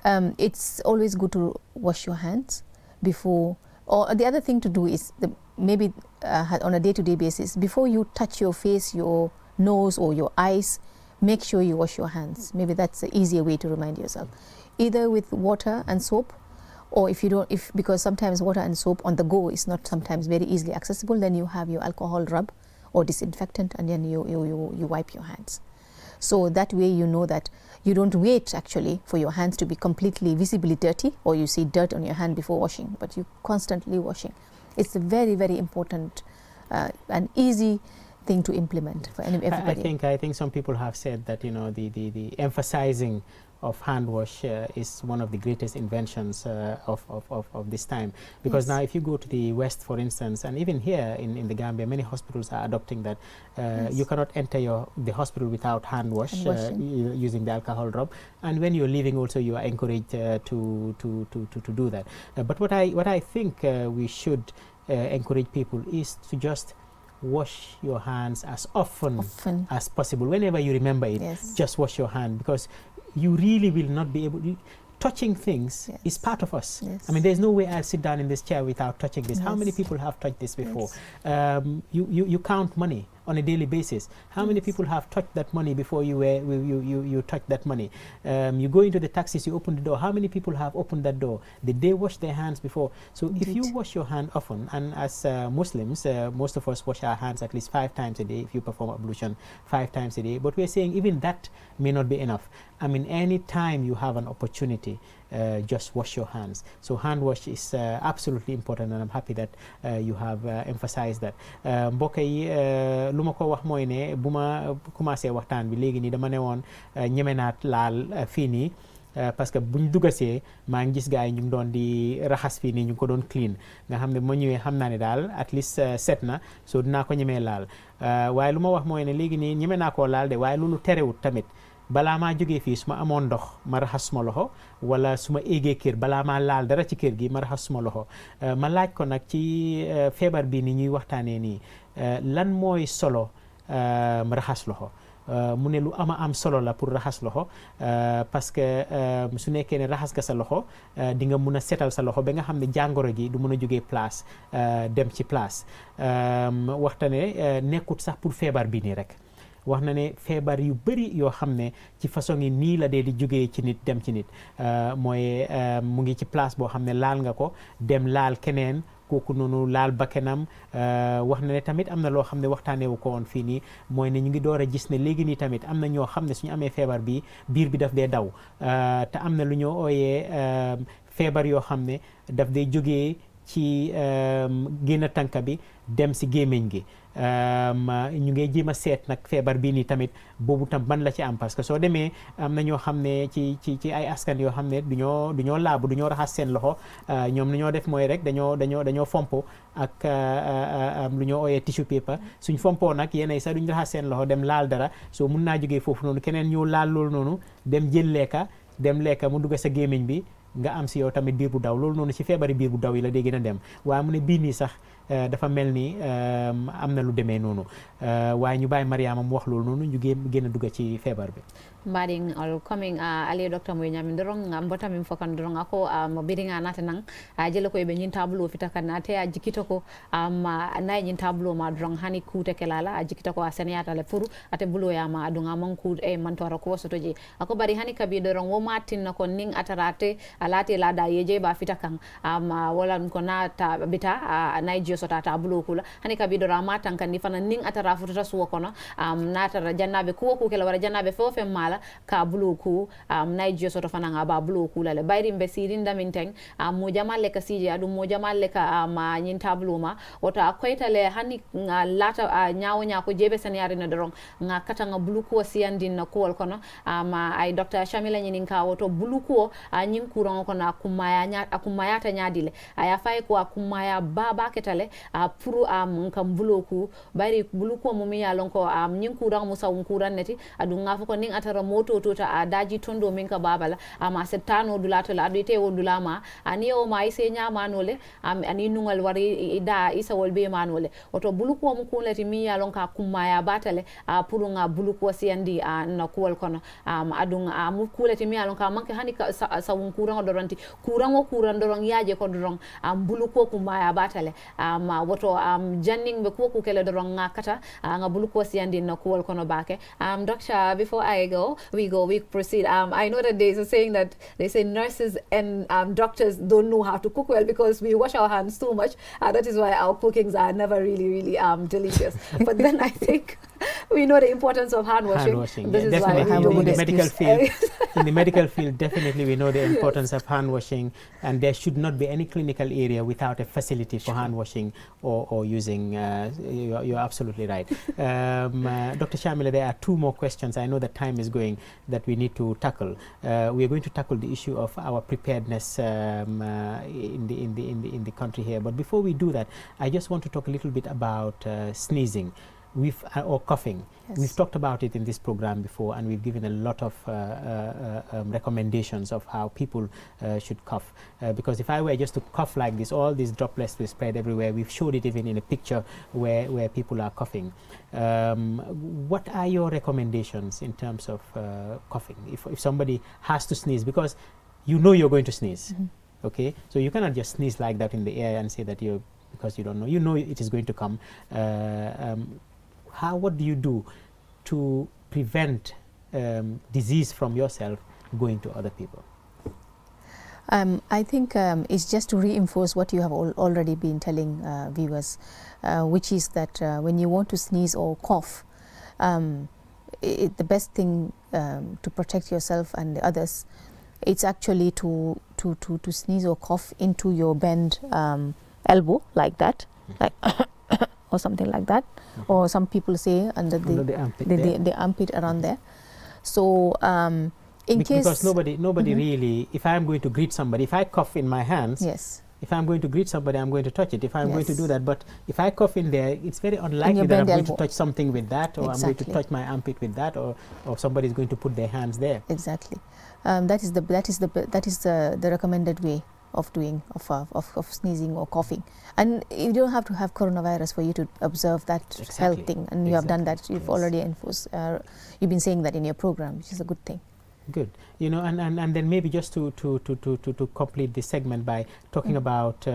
um, it's always good to wash your hands before. Or the other thing to do is the, maybe uh, on a day-to-day -day basis before you touch your face, your nose, or your eyes, make sure you wash your hands. Maybe that's the easier way to remind yourself, either with water and soap or if you don't if because sometimes water and soap on the go is not sometimes very easily accessible then you have your alcohol rub or disinfectant and then you you, you, you wipe your hands so that way you know that you don't wait actually for your hands to be completely visibly dirty or you see dirt on your hand before washing but you constantly washing it's a very very important uh, and easy thing to implement for everybody. I think I think some people have said that you know the the, the emphasizing of hand wash uh, is one of the greatest inventions uh, of, of, of, of, this time. Because yes. now if you go to the West, for instance, and even here in, in the Gambia, many hospitals are adopting that. Uh, yes. You cannot enter your, the hospital without hand wash using the alcohol drop. And when you're leaving also, you are encouraged to, to, to, to, to do that. but what I, what I think we should encourage people is to just wash your hands as often, often, as possible. Whenever you remember it, yes. just wash your hand because you really will not be able. touching things yes. is part of us. Yes. I mean, there's no way I'll sit down in this chair without touching this. Yes. How many people have touched this before? Um, you, you, you count money on a daily basis. How yes. many people have touched that money before you were you you you touched that money? Um, you go into the taxis, you open the door. How many people have opened that door? Did they wash their hands before? So Indeed. if you wash your hand often, and as uh, Muslims, uh, most of us wash our hands at least five times a day. If you perform ablution, five times a day. But we're saying even that may not be enough. I mean, any time you have an opportunity, Uh, just wash your hands. So hand wash is uh, absolutely important and I'm happy that uh, you have emphasized that mbokk yi lu ma ko wax mooy ne bu ma commencé waxtaan bi léegi nii dama ne woon naat laal fii nii parce que buñ dugasee maa ngi gis gars yi ñu ngi doon di raxas fii nii ñu ko doon clean nga xam ne ma ñëwee xam naa ne daal at least set na so dinaa ko ñemee laal waaye lu ma wax mooy ne léegi nii ñeme naa ko laal de waaye loolu terewut tamit balaa maa jógee fii su ma amoon ndox ma raxas suma loxo wala su ma éegee kër balaa maa laal dara ci kër gi ma raxas suma loxo euh, ma laaj ko nag ci euh, feebar bi ni ñuy waxtaanee nii euh, lan mooy solo raxas loxo mu ne lu ama am solo la pour raxas loxo parce que su nekkee ne raxas nga sa loxo di nga mun a setal sa loxo ba nga xam ne jàngoro ji du mun a jógee place dem ci place waxtaanee nekkut sax pour feebar bii nii rek. wax na ne feebar yu bëri yoo xam ne ci façon yi nii la dee di jógee ci nit dem ci nit euh, mooy euh, mu ngi ci place boo xam ne laal nga ko dem laal keneen kooku noonu laal bakkanam euh, wax na ne tamit am na loo xam ne waxtaanewu ko woon fii nii mooy ne ñu ngi door a gis ne léegi nii tamit am na ñoo xam ne suñu amee feebar bii biir bi daf dee daw te am na lu ñoo ooyee feebar yoo xam ne daf dee jógee ci génn tànka bi dem si gémmiñ gi Ehm, ñu ngi jéem a seet nag feebar bii nii tamit boobu tam ban la ci am parce que soo demee am na ñoo xam ne ci ci ci ay askan yoo xam ne du ñoo du ñoo laabu du ñoo raxas seen loxo eh, ñoom lu ñoo def mooy rek dañoo dañoo dañoo fompo ak eh, eh, lu ñoo ooyee tissue paper suñ fompoo nag yéenay sax duñ raxas seen loxo dem laal dara soo mun naa jógee foofu noonu keneen ñëw laal loolu noonu dem jël lekka dem lekka mu dugg sa gémmiñ bi nga am si yow tamit biir bu daw loolu noonu si feebari biir bu daw yi la dee gën a dem waaye mu ne sax Euh, dafa mel ni euh, am na lu demee noonu euh, waaye ñu bàyyi Mariama mu wax loolu noonu ñu gën a ci feebar bi mbaɗin al coming uh, ali docteur mo ñami uh, um, nga mbota min fokan dorong ako mo biringa nata nang a uh, jele koy be nyin tableau fita kan ate a jikita ko am na ñin tablo ma dorong hani kuta kelala a jikita ko a seniyata le furu ate bulo ya ma adunga mon ku e eh, mantora ko soto je ako bari hani kabi dorong wo matin na ko ning atarate alati la da yeje ba fita kan am um, wala ko na ta bita a naijo sota ta buloku la hani ka bidora ma tankandi fana nin atara fututa suwo kono um, natara jannaɓe kuwo kukela wara jannaɓe fewo fen mala ka buloku um, nayi jiyo soto fana nga ba buloku la le bayri mbe sirinda min teng um, le ka sije aɗum le ka um, ñin tableau ma wota le hani nga lata uh, ñawo ñako jeɓe sen yarino dorong nga kata nga bulukuwo siyandin na kuwol kono um, ay docteur chamila ñinin ka woto bulukuwo uh, ñin kurongo kono akumaya, akummayata ñadile aya fay ko akummaya baba ketale a pour am kam bulo ku bari bulu ko mum ya lon ko am nyin kuran musa un kuran neti adun ngafo ko nin atara moto to ta a daji tondo min ka babala ama se tano dula to la adite wo dula ma ani o ma ise nya manole am ani nungal wari da isa wol be manole oto bulu ko mum kunleti mi ya lon ka kumma ya batale a pour nga bulu ko siandi a na kuwal kono am adun a mu kuleti mi ya lon ka manke hani ka sa un kuran doranti kuran o kuran dorong yaje ko dorong am bulu ko kumma ya batale am Uh, um, woto um, janninɓe kuwo kukele doron kata uh, nga bulukuwo na kuwol kono bake um, doctor before i go we go we proceed um, i know that there is a saying that they say nurses and um, doctors don't know how to cook well because we wash our hands too much uh, that is why our cookings are never really really um, delicious [laughs] but then i think [laughs] we know the importance of hand washing. Hand washing this yeah, is definitely. why we do in the medical field. [laughs] in the medical field, definitely we know the importance yes. of hand washing, and there should not be any clinical area without a facility for hand washing teaching or, or using. Uh, you're, you're, absolutely right. [laughs] um, uh, Dr. Shamila, there are two more questions. I know that time is going that we need to tackle. Uh, we are going to tackle the issue of our preparedness um, uh, in, the, in, the, in, the, in the country here. But before we do that, I just want to talk a little bit about uh, sneezing we've, uh, or coughing. Yes. We've talked about it in this program before and we've given a lot of uh, uh, um, recommendations of how people should cough. because if I were just to cough like this, all these droplets will spread everywhere. We've showed it even in a picture where, where people are coughing. Um, what are your recommendations in terms of coughing? If, if somebody has to sneeze, because you know you're going to sneeze. Mm -hmm okay so you cannot just sneeze like that in the air and say that you're because you don't know you know it is going to come uh, um, how what do you do to prevent um, disease from yourself going to other people? Um, I think um, it's just to reinforce what you have al already been telling uh, viewers, uh, which is that uh, when you want to sneeze or cough, um, it, the best thing um, to protect yourself and the others, it's actually to, to, to, to sneeze or cough into your bent um, elbow like that, like [coughs] or something like that. -hmm. or some people say under the, under the armpit, the, the, the armpit around there. So um, in Be case because nobody nobody mm -hmm. really, if I am going to greet somebody, if I cough in my hands, yes. If I'm going to greet somebody, I'm going to touch it. If I'm yes. going to do that, but if I cough in there, it's very unlikely that I'm elbow. going to touch something with that, or exactly. I'm going to touch my armpit with that, or or is going to put their hands there. Exactly, um, that is the that is the that is the, the recommended way of doing of, uh, of, of sneezing or coughing and you don't have to have coronavirus for you to observe that exactly. health thing and you have done that you've yes. already enforced uh, you've been saying that in your program which is a good thing good you know and, and, and then maybe just to, to, to, to, to, complete this segment by talking mm -hmm. about uh,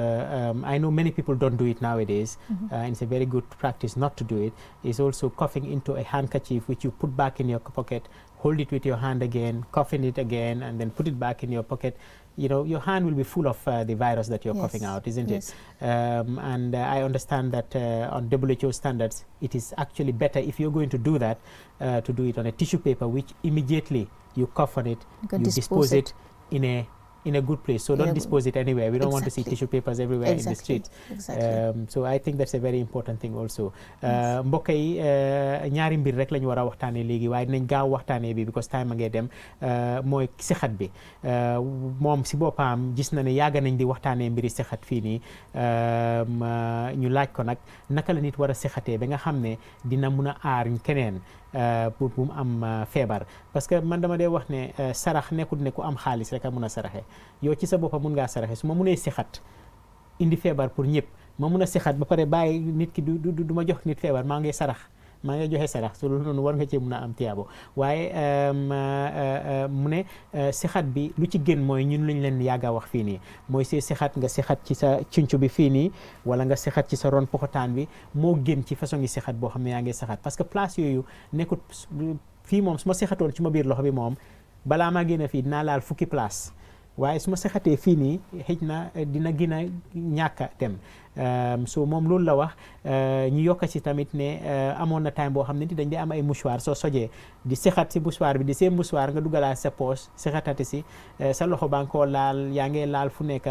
um, I know many people don't do it nowadays mm -hmm. uh, and it's a very good practice not to do it is also coughing into a handkerchief which you put back in your pocket hold it with your hand again coughing it again and then put it back in your pocket you know, your hand will be full of uh, the virus that you're yes. coughing out, isn't yes. it? Um, and uh, I understand that uh, on WHO standards, it is actually better if you're going to do that uh, to do it on a tissue paper, which immediately you cough on it, you, you dispose, dispose it. it in a in a good place. So yeah, don't dispose it anywhere. We don't exactly. want to see tissue papers everywhere exactly. in the street. Um, so I think that's a very important thing also. Uh, mbokk yi uh, ñaari mbir rek lañu ñu war a waxtaanee léegi waaye dinañ gaaw waxtaanee bi because time a ngee dem uh, mooy sixat bi moom si boppam gis na ne yàgg nañ di waxtaanee mbiri sixat fii nii um, ñu laaj ko nag naka la nit war a sixatee ba nga xam ne dina mun a aar keneen. Euh, pour bu mu am euh, feebar parce que man dama dee wax ne euh, sarax nekkut ne ku am xaalis rek a mun a saraxe yow ci sa boppa mun ngaa saraxe su ma munee sixat indi feebar pour ñëpp ma mun a sixat ba pare bàyyi nit ki du du ma jox nit feebar maa ngi sarax maa ngi joxe sarax su loolu noonu war nga cee mun a am tiyaabo waaye euh, euh, euh, mu ne sixat bi lu ci gën mooy ñun luñ leen yàgg a wax fii nii mooy si sixat nga sixat ci sa cincu bi fii nii wala nga sixat ci sa ron poxotaan bi moo gën ci façon yi sixat boo xam ne yaa ngi sixat parce que place yooyu nekkut fii moom su ma sixatoon ci ma biir loxo bi moom balaa maa génn fii dinaa laal fukki place waaye su ma saxatee fii nii xëj na eh, dina gina a ñàkk a dem ehm, so moom loolu la wax eh, ñu yokk ci tamit ne eh, amoon na time boo xam ne dañ dee am ay mouchoir soo sojee di saxat si mouchoir bi di see mouchoir nga dugalaat sa poche saxatati si sa loxo baa laal yaa ngi laal fu nekk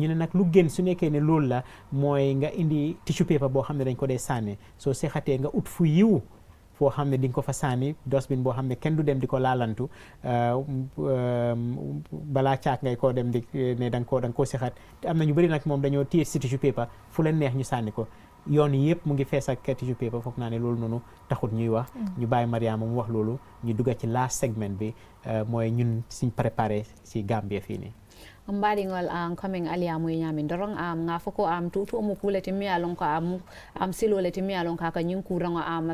ñu ne nag lu gën su nekkee ne loolu la mooy nga indi tissue paper boo xam ne dañ ko dee sànni soo saxatee nga ut fu yiw foo xam ne di ko fa sànni dosbin boo xam ne kenn du dem di ko laalantu euh, euh, balaa caak ngay koo dem di ne da koo da koo sixat te am na ñu bëri nag moom dañoo téye si tissue paper fu leen neex ñu sànni ko yoon yëpp mu ngi fees ak tissue paper foog naa ne loolu noonu taxut ñuy wax mm. ñu bàyyi Mariama mu wax loolu ñu dugga ci last segment bi euh, mooy ñun suñ préparé si Gambie fii nii ngol am coming ali amu ñamin dorong am nga foko am tu tu mu kulete mi alon ko am am silo silolete mi alon ka ka nyin ñin kurango am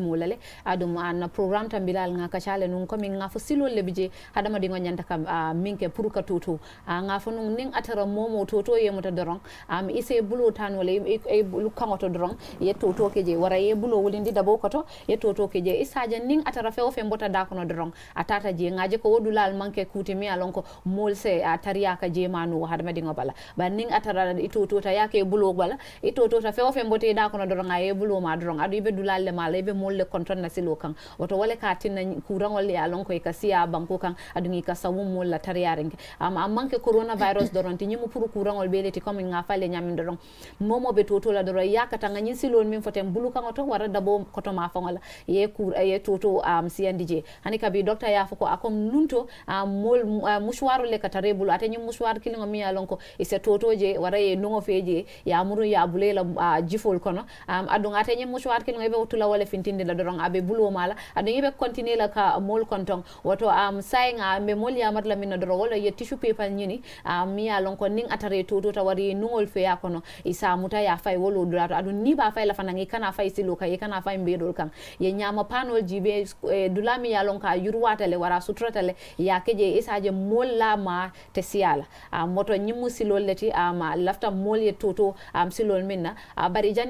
mo le adum an program tam bilal nga ka chale nun ko min nga fo silo le bije haɗama ɗigo ñanta kam ah, minke pour ka tu tu ah, nga fo nun nin atara momo toto yemuta dorong am ise bulo tan wala e kango to doron yetto to keje wara ye bulo wolindi dabo ko koto yetto to keje isaje nin atara fe o fe mbota da ko no dorong atata je ngaje ko wodulal manke kuti mi alon ko molse atari ah, ka aka jemanu hadama dingo bala ba ning atara ito tota yake bulo bala ito tota fewo fe bote da kono doronga ye bulo ma doronga adu be dulal mala be le konton na silo kan woto wale ka tinna kuran wale ya lon ko ka siya banko kan adu ngi ka sawu molla tariyaren amma amman ke corona virus [coughs] doron ti nyimu puru kuran wal le ti comme nga fale nyamin doron momo be toto la doron yaka tanga nyin silon min fotem bulu kan to wara dabo koto ma fangola ye kur ye toto am um, cndj hanika bi docteur ya fako akom nunto um, mol uh, mushwaru le katare bulu atenyi mouchoir kiliŋo miŋ ye a loŋ ko i se toto je wara ye nuŋo fee je ye ye a bula i la jifol kono um, aduŋ ate ñiŋ mouchoir kiliŋo i be wotula wo le fintindi la doroŋ a be buloo ma la aduŋ i be continue la ka moolu kontoŋ woto am sayiŋa mbe moolu yamata la miŋ na doroŋ wo le ye tissue paper ñini um, miŋ ye a loŋ ko niŋ atara ye totota e, wara ye nuŋolu fee a kono i muta ye a fayi wo loo dulaato aduŋ niŋ be a fayi la fanaŋ i kana fayi siloo kaŋ i kana fayi mbeedoolu kaŋ ye ñaama paanol jiibe eh, dulaa miŋ ye a loŋ ka a yiriwaata le wara a suturata le ye a ke je i se a je moolu la ma te siya yala um, ah, moto nyimu silol leti um, lafta molye toto um, ah, silol minna uh,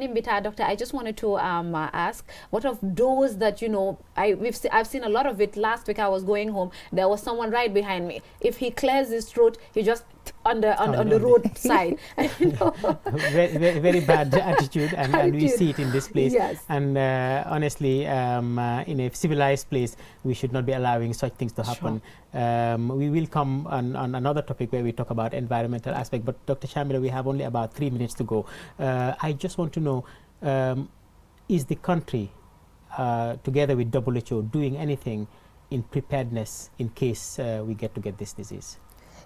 mbita doctor I just wanted to um, uh, ask what of those that you know I, we've se I've seen a lot of it last week I was going home there was someone right behind me if he clears his throat he just on the on, on, the roadside. you [laughs] know? [laughs] very, very, very, bad [laughs] attitude, and, attitude. and, we see it in this place. Yes. And uh, honestly, um, uh, in a civilized place, we should not be allowing such things to happen. Sure. Um, we will come on, on, another topic where we talk about environmental aspect. But Dr. Shamila, we have only about three minutes to go. Uh, I just want to know: um, Is the country, uh, together with WHO, doing anything? in preparedness in case uh, we get to get this disease?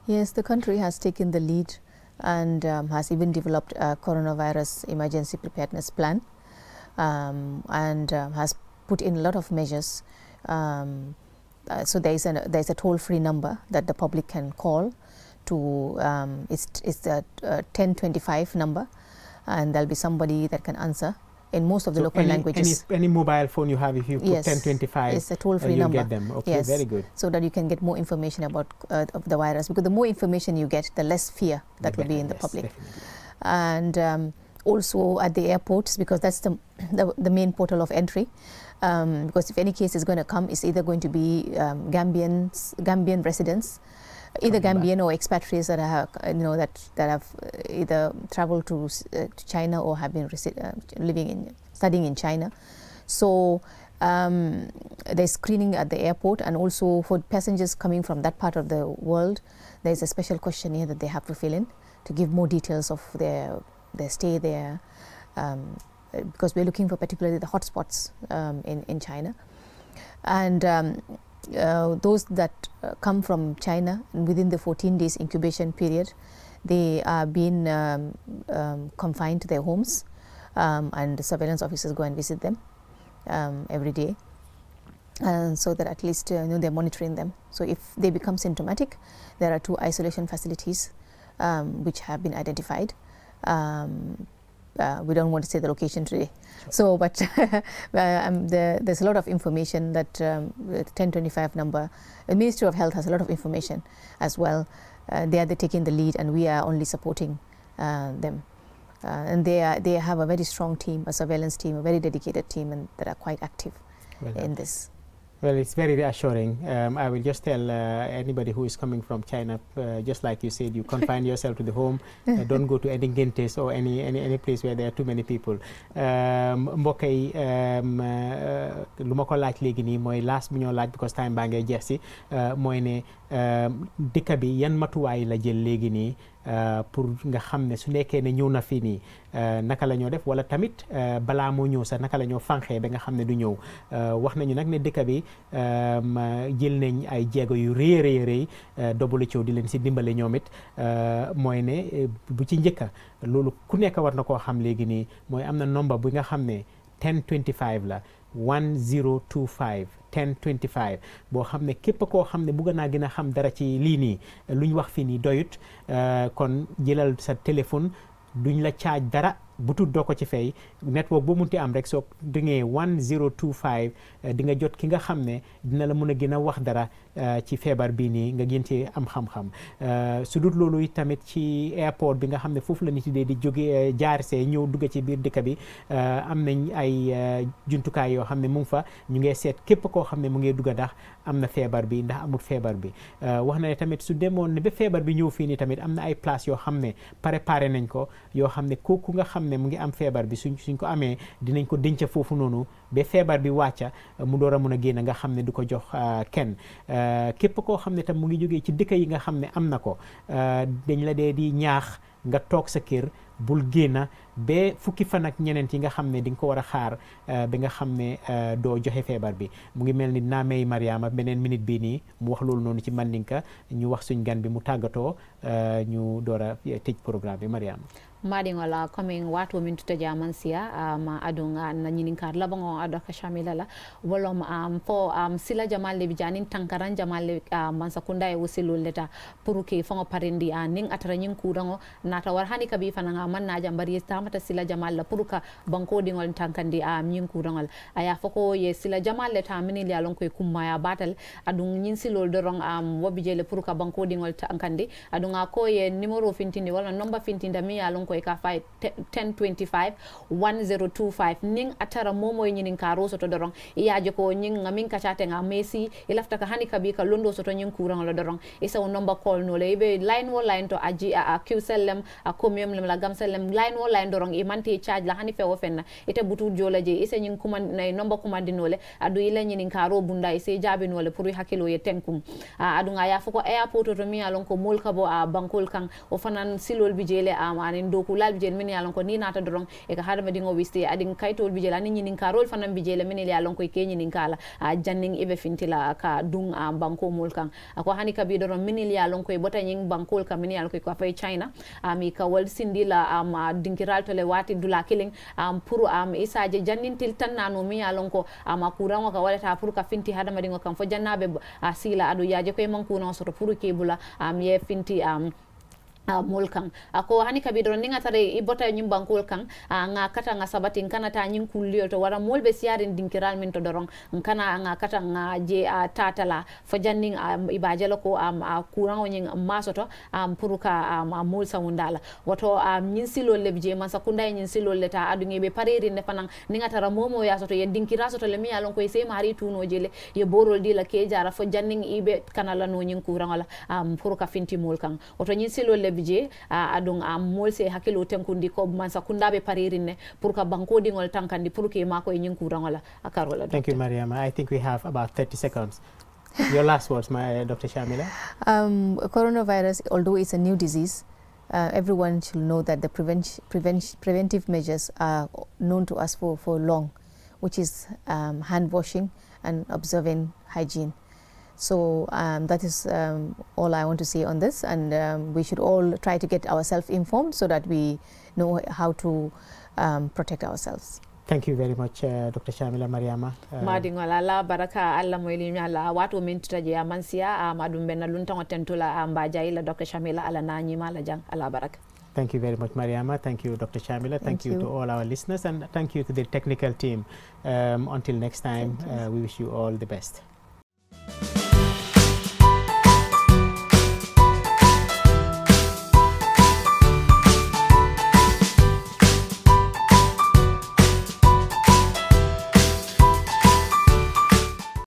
Yes, the country has taken the lead and um, has even developed a coronavirus emergency preparedness plan um, and uh, has put in a lot of measures. Um, uh, so there is, an, there is a toll-free number that the public can call to, um, it's, it's the uh, 1025 number and there'll be somebody that can answer in most of the so local any, languages. Any, any, mobile phone you have, if you put yes. 1025, it's a toll-free uh, number. get them. Okay, yes. very good. So that you can get more information about uh, the virus, because the more information you get, the less fear that the will better, be in the yes, public. Definitely. And um, also at the airports, because that's the, the, the main portal of entry. Um, because if any case is going to come, it's either going to be um, Gambians, Gambian residents, either Gambian back. or expatriates that have uh, you know that that have uh, either traveled to, uh, to China or have been uh, living in studying in China. So um, there's screening at the airport, and also for passengers coming from that part of the world, there's a special questionnaire that they have to fill in to give more details of their their stay there, um, because we're looking for particularly the hotspots um, in in China, and um, uh, those that uh, come from China within the 14 days incubation period, they are being um, um, confined to their homes um, and surveillance officers go and visit them um, every day. And so that at least uh, you know, they're monitoring them. So if they become symptomatic, there are two isolation facilities um, which have been identified um, uh, we don't want to say the location today. Sure. So, but [laughs] uh, um, the, there's a lot of information that um, 1025 number. The Ministry of Health has a lot of information as well. Uh, they are taking the lead, and we are only supporting uh, them. Uh, and they are, they have a very strong team, a surveillance team, a very dedicated team, and that are quite active well in this. Well, it's very reassuring. Um, I will just tell uh, anybody who is coming from China, uh, just like you said, you [laughs] confine yourself to the home. Uh, don't go to any dentist or any, any, any place where there are too many people. Um, mbokk yi um, uh, lu ma ko laaj léegi last bi ñoo because time baa ngay jeex si uh, ne um, dëkk bi yan matuwa la jël léegi Euh, pour nga xam ne su nekkee ne ñëw na fii nii euh, naka la ñoo def wala tamit euh, balaa moo ñëw sa naka la ñoo fànqee ba nga xam ne du ñëw wax nañu nag ne dëkk bi jël nañ ay jéego yu rëy rëy rëy WHO di leen si dimbale ñoom it mooy ne bu ci njëkka loolu ku nekk war na koo xam léegi nii mooy am na nomba bi nga xam ne 10 25 la 1025 1025 boo xam ne képp koo xam ne bëgg naa gën a xam dara ci lii nii lu ñu wax fii nii doyut euh, kon jëlal sa téléphone duñ la caaj dara bu tuddoo ko ci fay network boo munti am rek soo dingee 1025 eh, di nga jot ki nga xam ne dina la mun a gën a wax dara eh, ci feebar bii nii nga gën ci am xam-xam eh, su dul loolu tamit ci airport bi nga xam ne foofu la nit yi di jóge jaar see ñëw dugg ci biir dëkk bi am nañ ay jumtukaay yoo xam ne mu ngi fa ñu ngi seet képp koo xam ne mu ngi dugg ndax am na feebar bi ndax amul feebar bi wax na ne tamit su demoon ne ba feebar bi ñëw fii nii tamit am na ay place yoo xam ne préparé nañ ko yoo xam ne kooku nga xam xam mu ngi am feebar bi suñ suñ ko amee dinañ ko denc foofu noonu ba feebar bi wàcca mu door a mun a génn nga xam ne du ko jox euh, kenn euh, képp koo xam ne tam mu ngi jógee ci dëkk yi nga xam ne am na ko euh, dañ la dee di ñaax nga toog sa kër bul génna ba fukki fan ak ñeneen yi nga xam ne di nga ko war a xaar ba nga xam ne doo joxe feebar bi mu ngi mel ni dinaa may Mariama beneen minute bii nii mu wax loolu noonu ci mandinka ñu wax suñ gan bi mu tàggatoo ñu door a tëj programme bi Mariama maɗiŋola commin wato min tuta jaman siya um, aɗum na ñininkar labaŋo aɗo ka chamila la wolom um, fo um, sila jamal le janin tankaran jamal le uh, mansakunda e wosilol leta puruke ke faŋo parindi a uh, atara nyin kuuraŋo nata war hani kabi fanaŋa man naja mbari ye tamata sila jamal la puruka banko ɗiŋol tankandi a uh, nyin ñiŋ kuuraŋol a ye fo ko ye sila jamal le ta minil um, ye lon koye kummaya batal aɗum nyin silol doroŋ um, wobi le pour banko ɗiŋol tankandi aɗum a ko ye numéro fintindi wala nomba fintinda miŋ ye lon ko koyka fay 1025 1025 ning atara momoy nyinin ka roso to dorong yaje ko nyin ngamin ka chate nga i lafta ka hani kabi ka londo soto nyin kurang lo dorong isa nomba number call no be line wo line to aji a, a qsellem a comium lem la gamsellem line wo line dorong imante charge la hani fewo fenna ite butu jola je isa nyin kuman na number kumandi eh, no le adu ka ro bunda isa e jabe no le pour hakilo ye tenkum a, adu nga ya fuko to mi alon ko molka bo a bankol kan o fanan silol bijele am anen do ku bi bijel min lon ko ni nata dorong e ka hadama dingo wisti adin bi bijel ani nyinin ka rol bi bijel min yalon ko e ke nyinin la a janning ibe la ka dung a banko mul kan ako hani ka bi doron min yalon ko e bota nyin bankol e ka min lon ko ko fay china ami ka wal sindi sindila am dinkiral to le wati dula kiling am pour am isaje jannin til tan nanu mi lon ko am kurango ka walata pour ka finti hadama dingo kan fo a asila adu yaaje ko e man kuno soto pour ke bula am ye finti am Uh, ah, mol kan ako hani kabidoro ninga tare i bota nyum bankol kan uh, ah, nga kata nga sabati kana ta nyin kullio to wara mol be siyarin dinkiral min to dorong kana nga kata nga je uh, tatala fajanning um, ibajelo ko am um, uh, kuran onyin masoto am um, puruka am um, mol sawundala wato um, nyin silo leb je man sakunda nyin ta leta adunge be pareri ne fanan ninga tara momo ya soto ye dinkira soto le mi yalon ko se mari tuno jele ye borol di la ke jara fajanning ibe kanala no nyin kuran wala am um, puruka finti mol kan wato nyin silo le tenkundi ko paririnne thank you Mariam. i think we have about 30 seconds your last words my uh, dr shamila um, coronavirus although it's a new disease uh, everyone should know that the prevent, prevent, preventive measures are known to us for, for long, which is um, hand washing and observing hygiene. So um, that is um, all I want to say on this and um, we should all try to get ourselves informed so that we know how to um, protect ourselves. Thank you very much, uh, Dr. Shamila Mariama. Uh, Madingola la baraka alla mwelimi ala watu mintutaje amansia uh, madumbe na lunta watentula ambaja uh, ila Dr. Shamila ala nanyima ala jang ala baraka. Thank you very much, Mariama. Thank you, Dr. Shamila. Thank, thank you. you. to all our listeners and thank you to the technical team. Um, until next time, uh, we wish you all the best.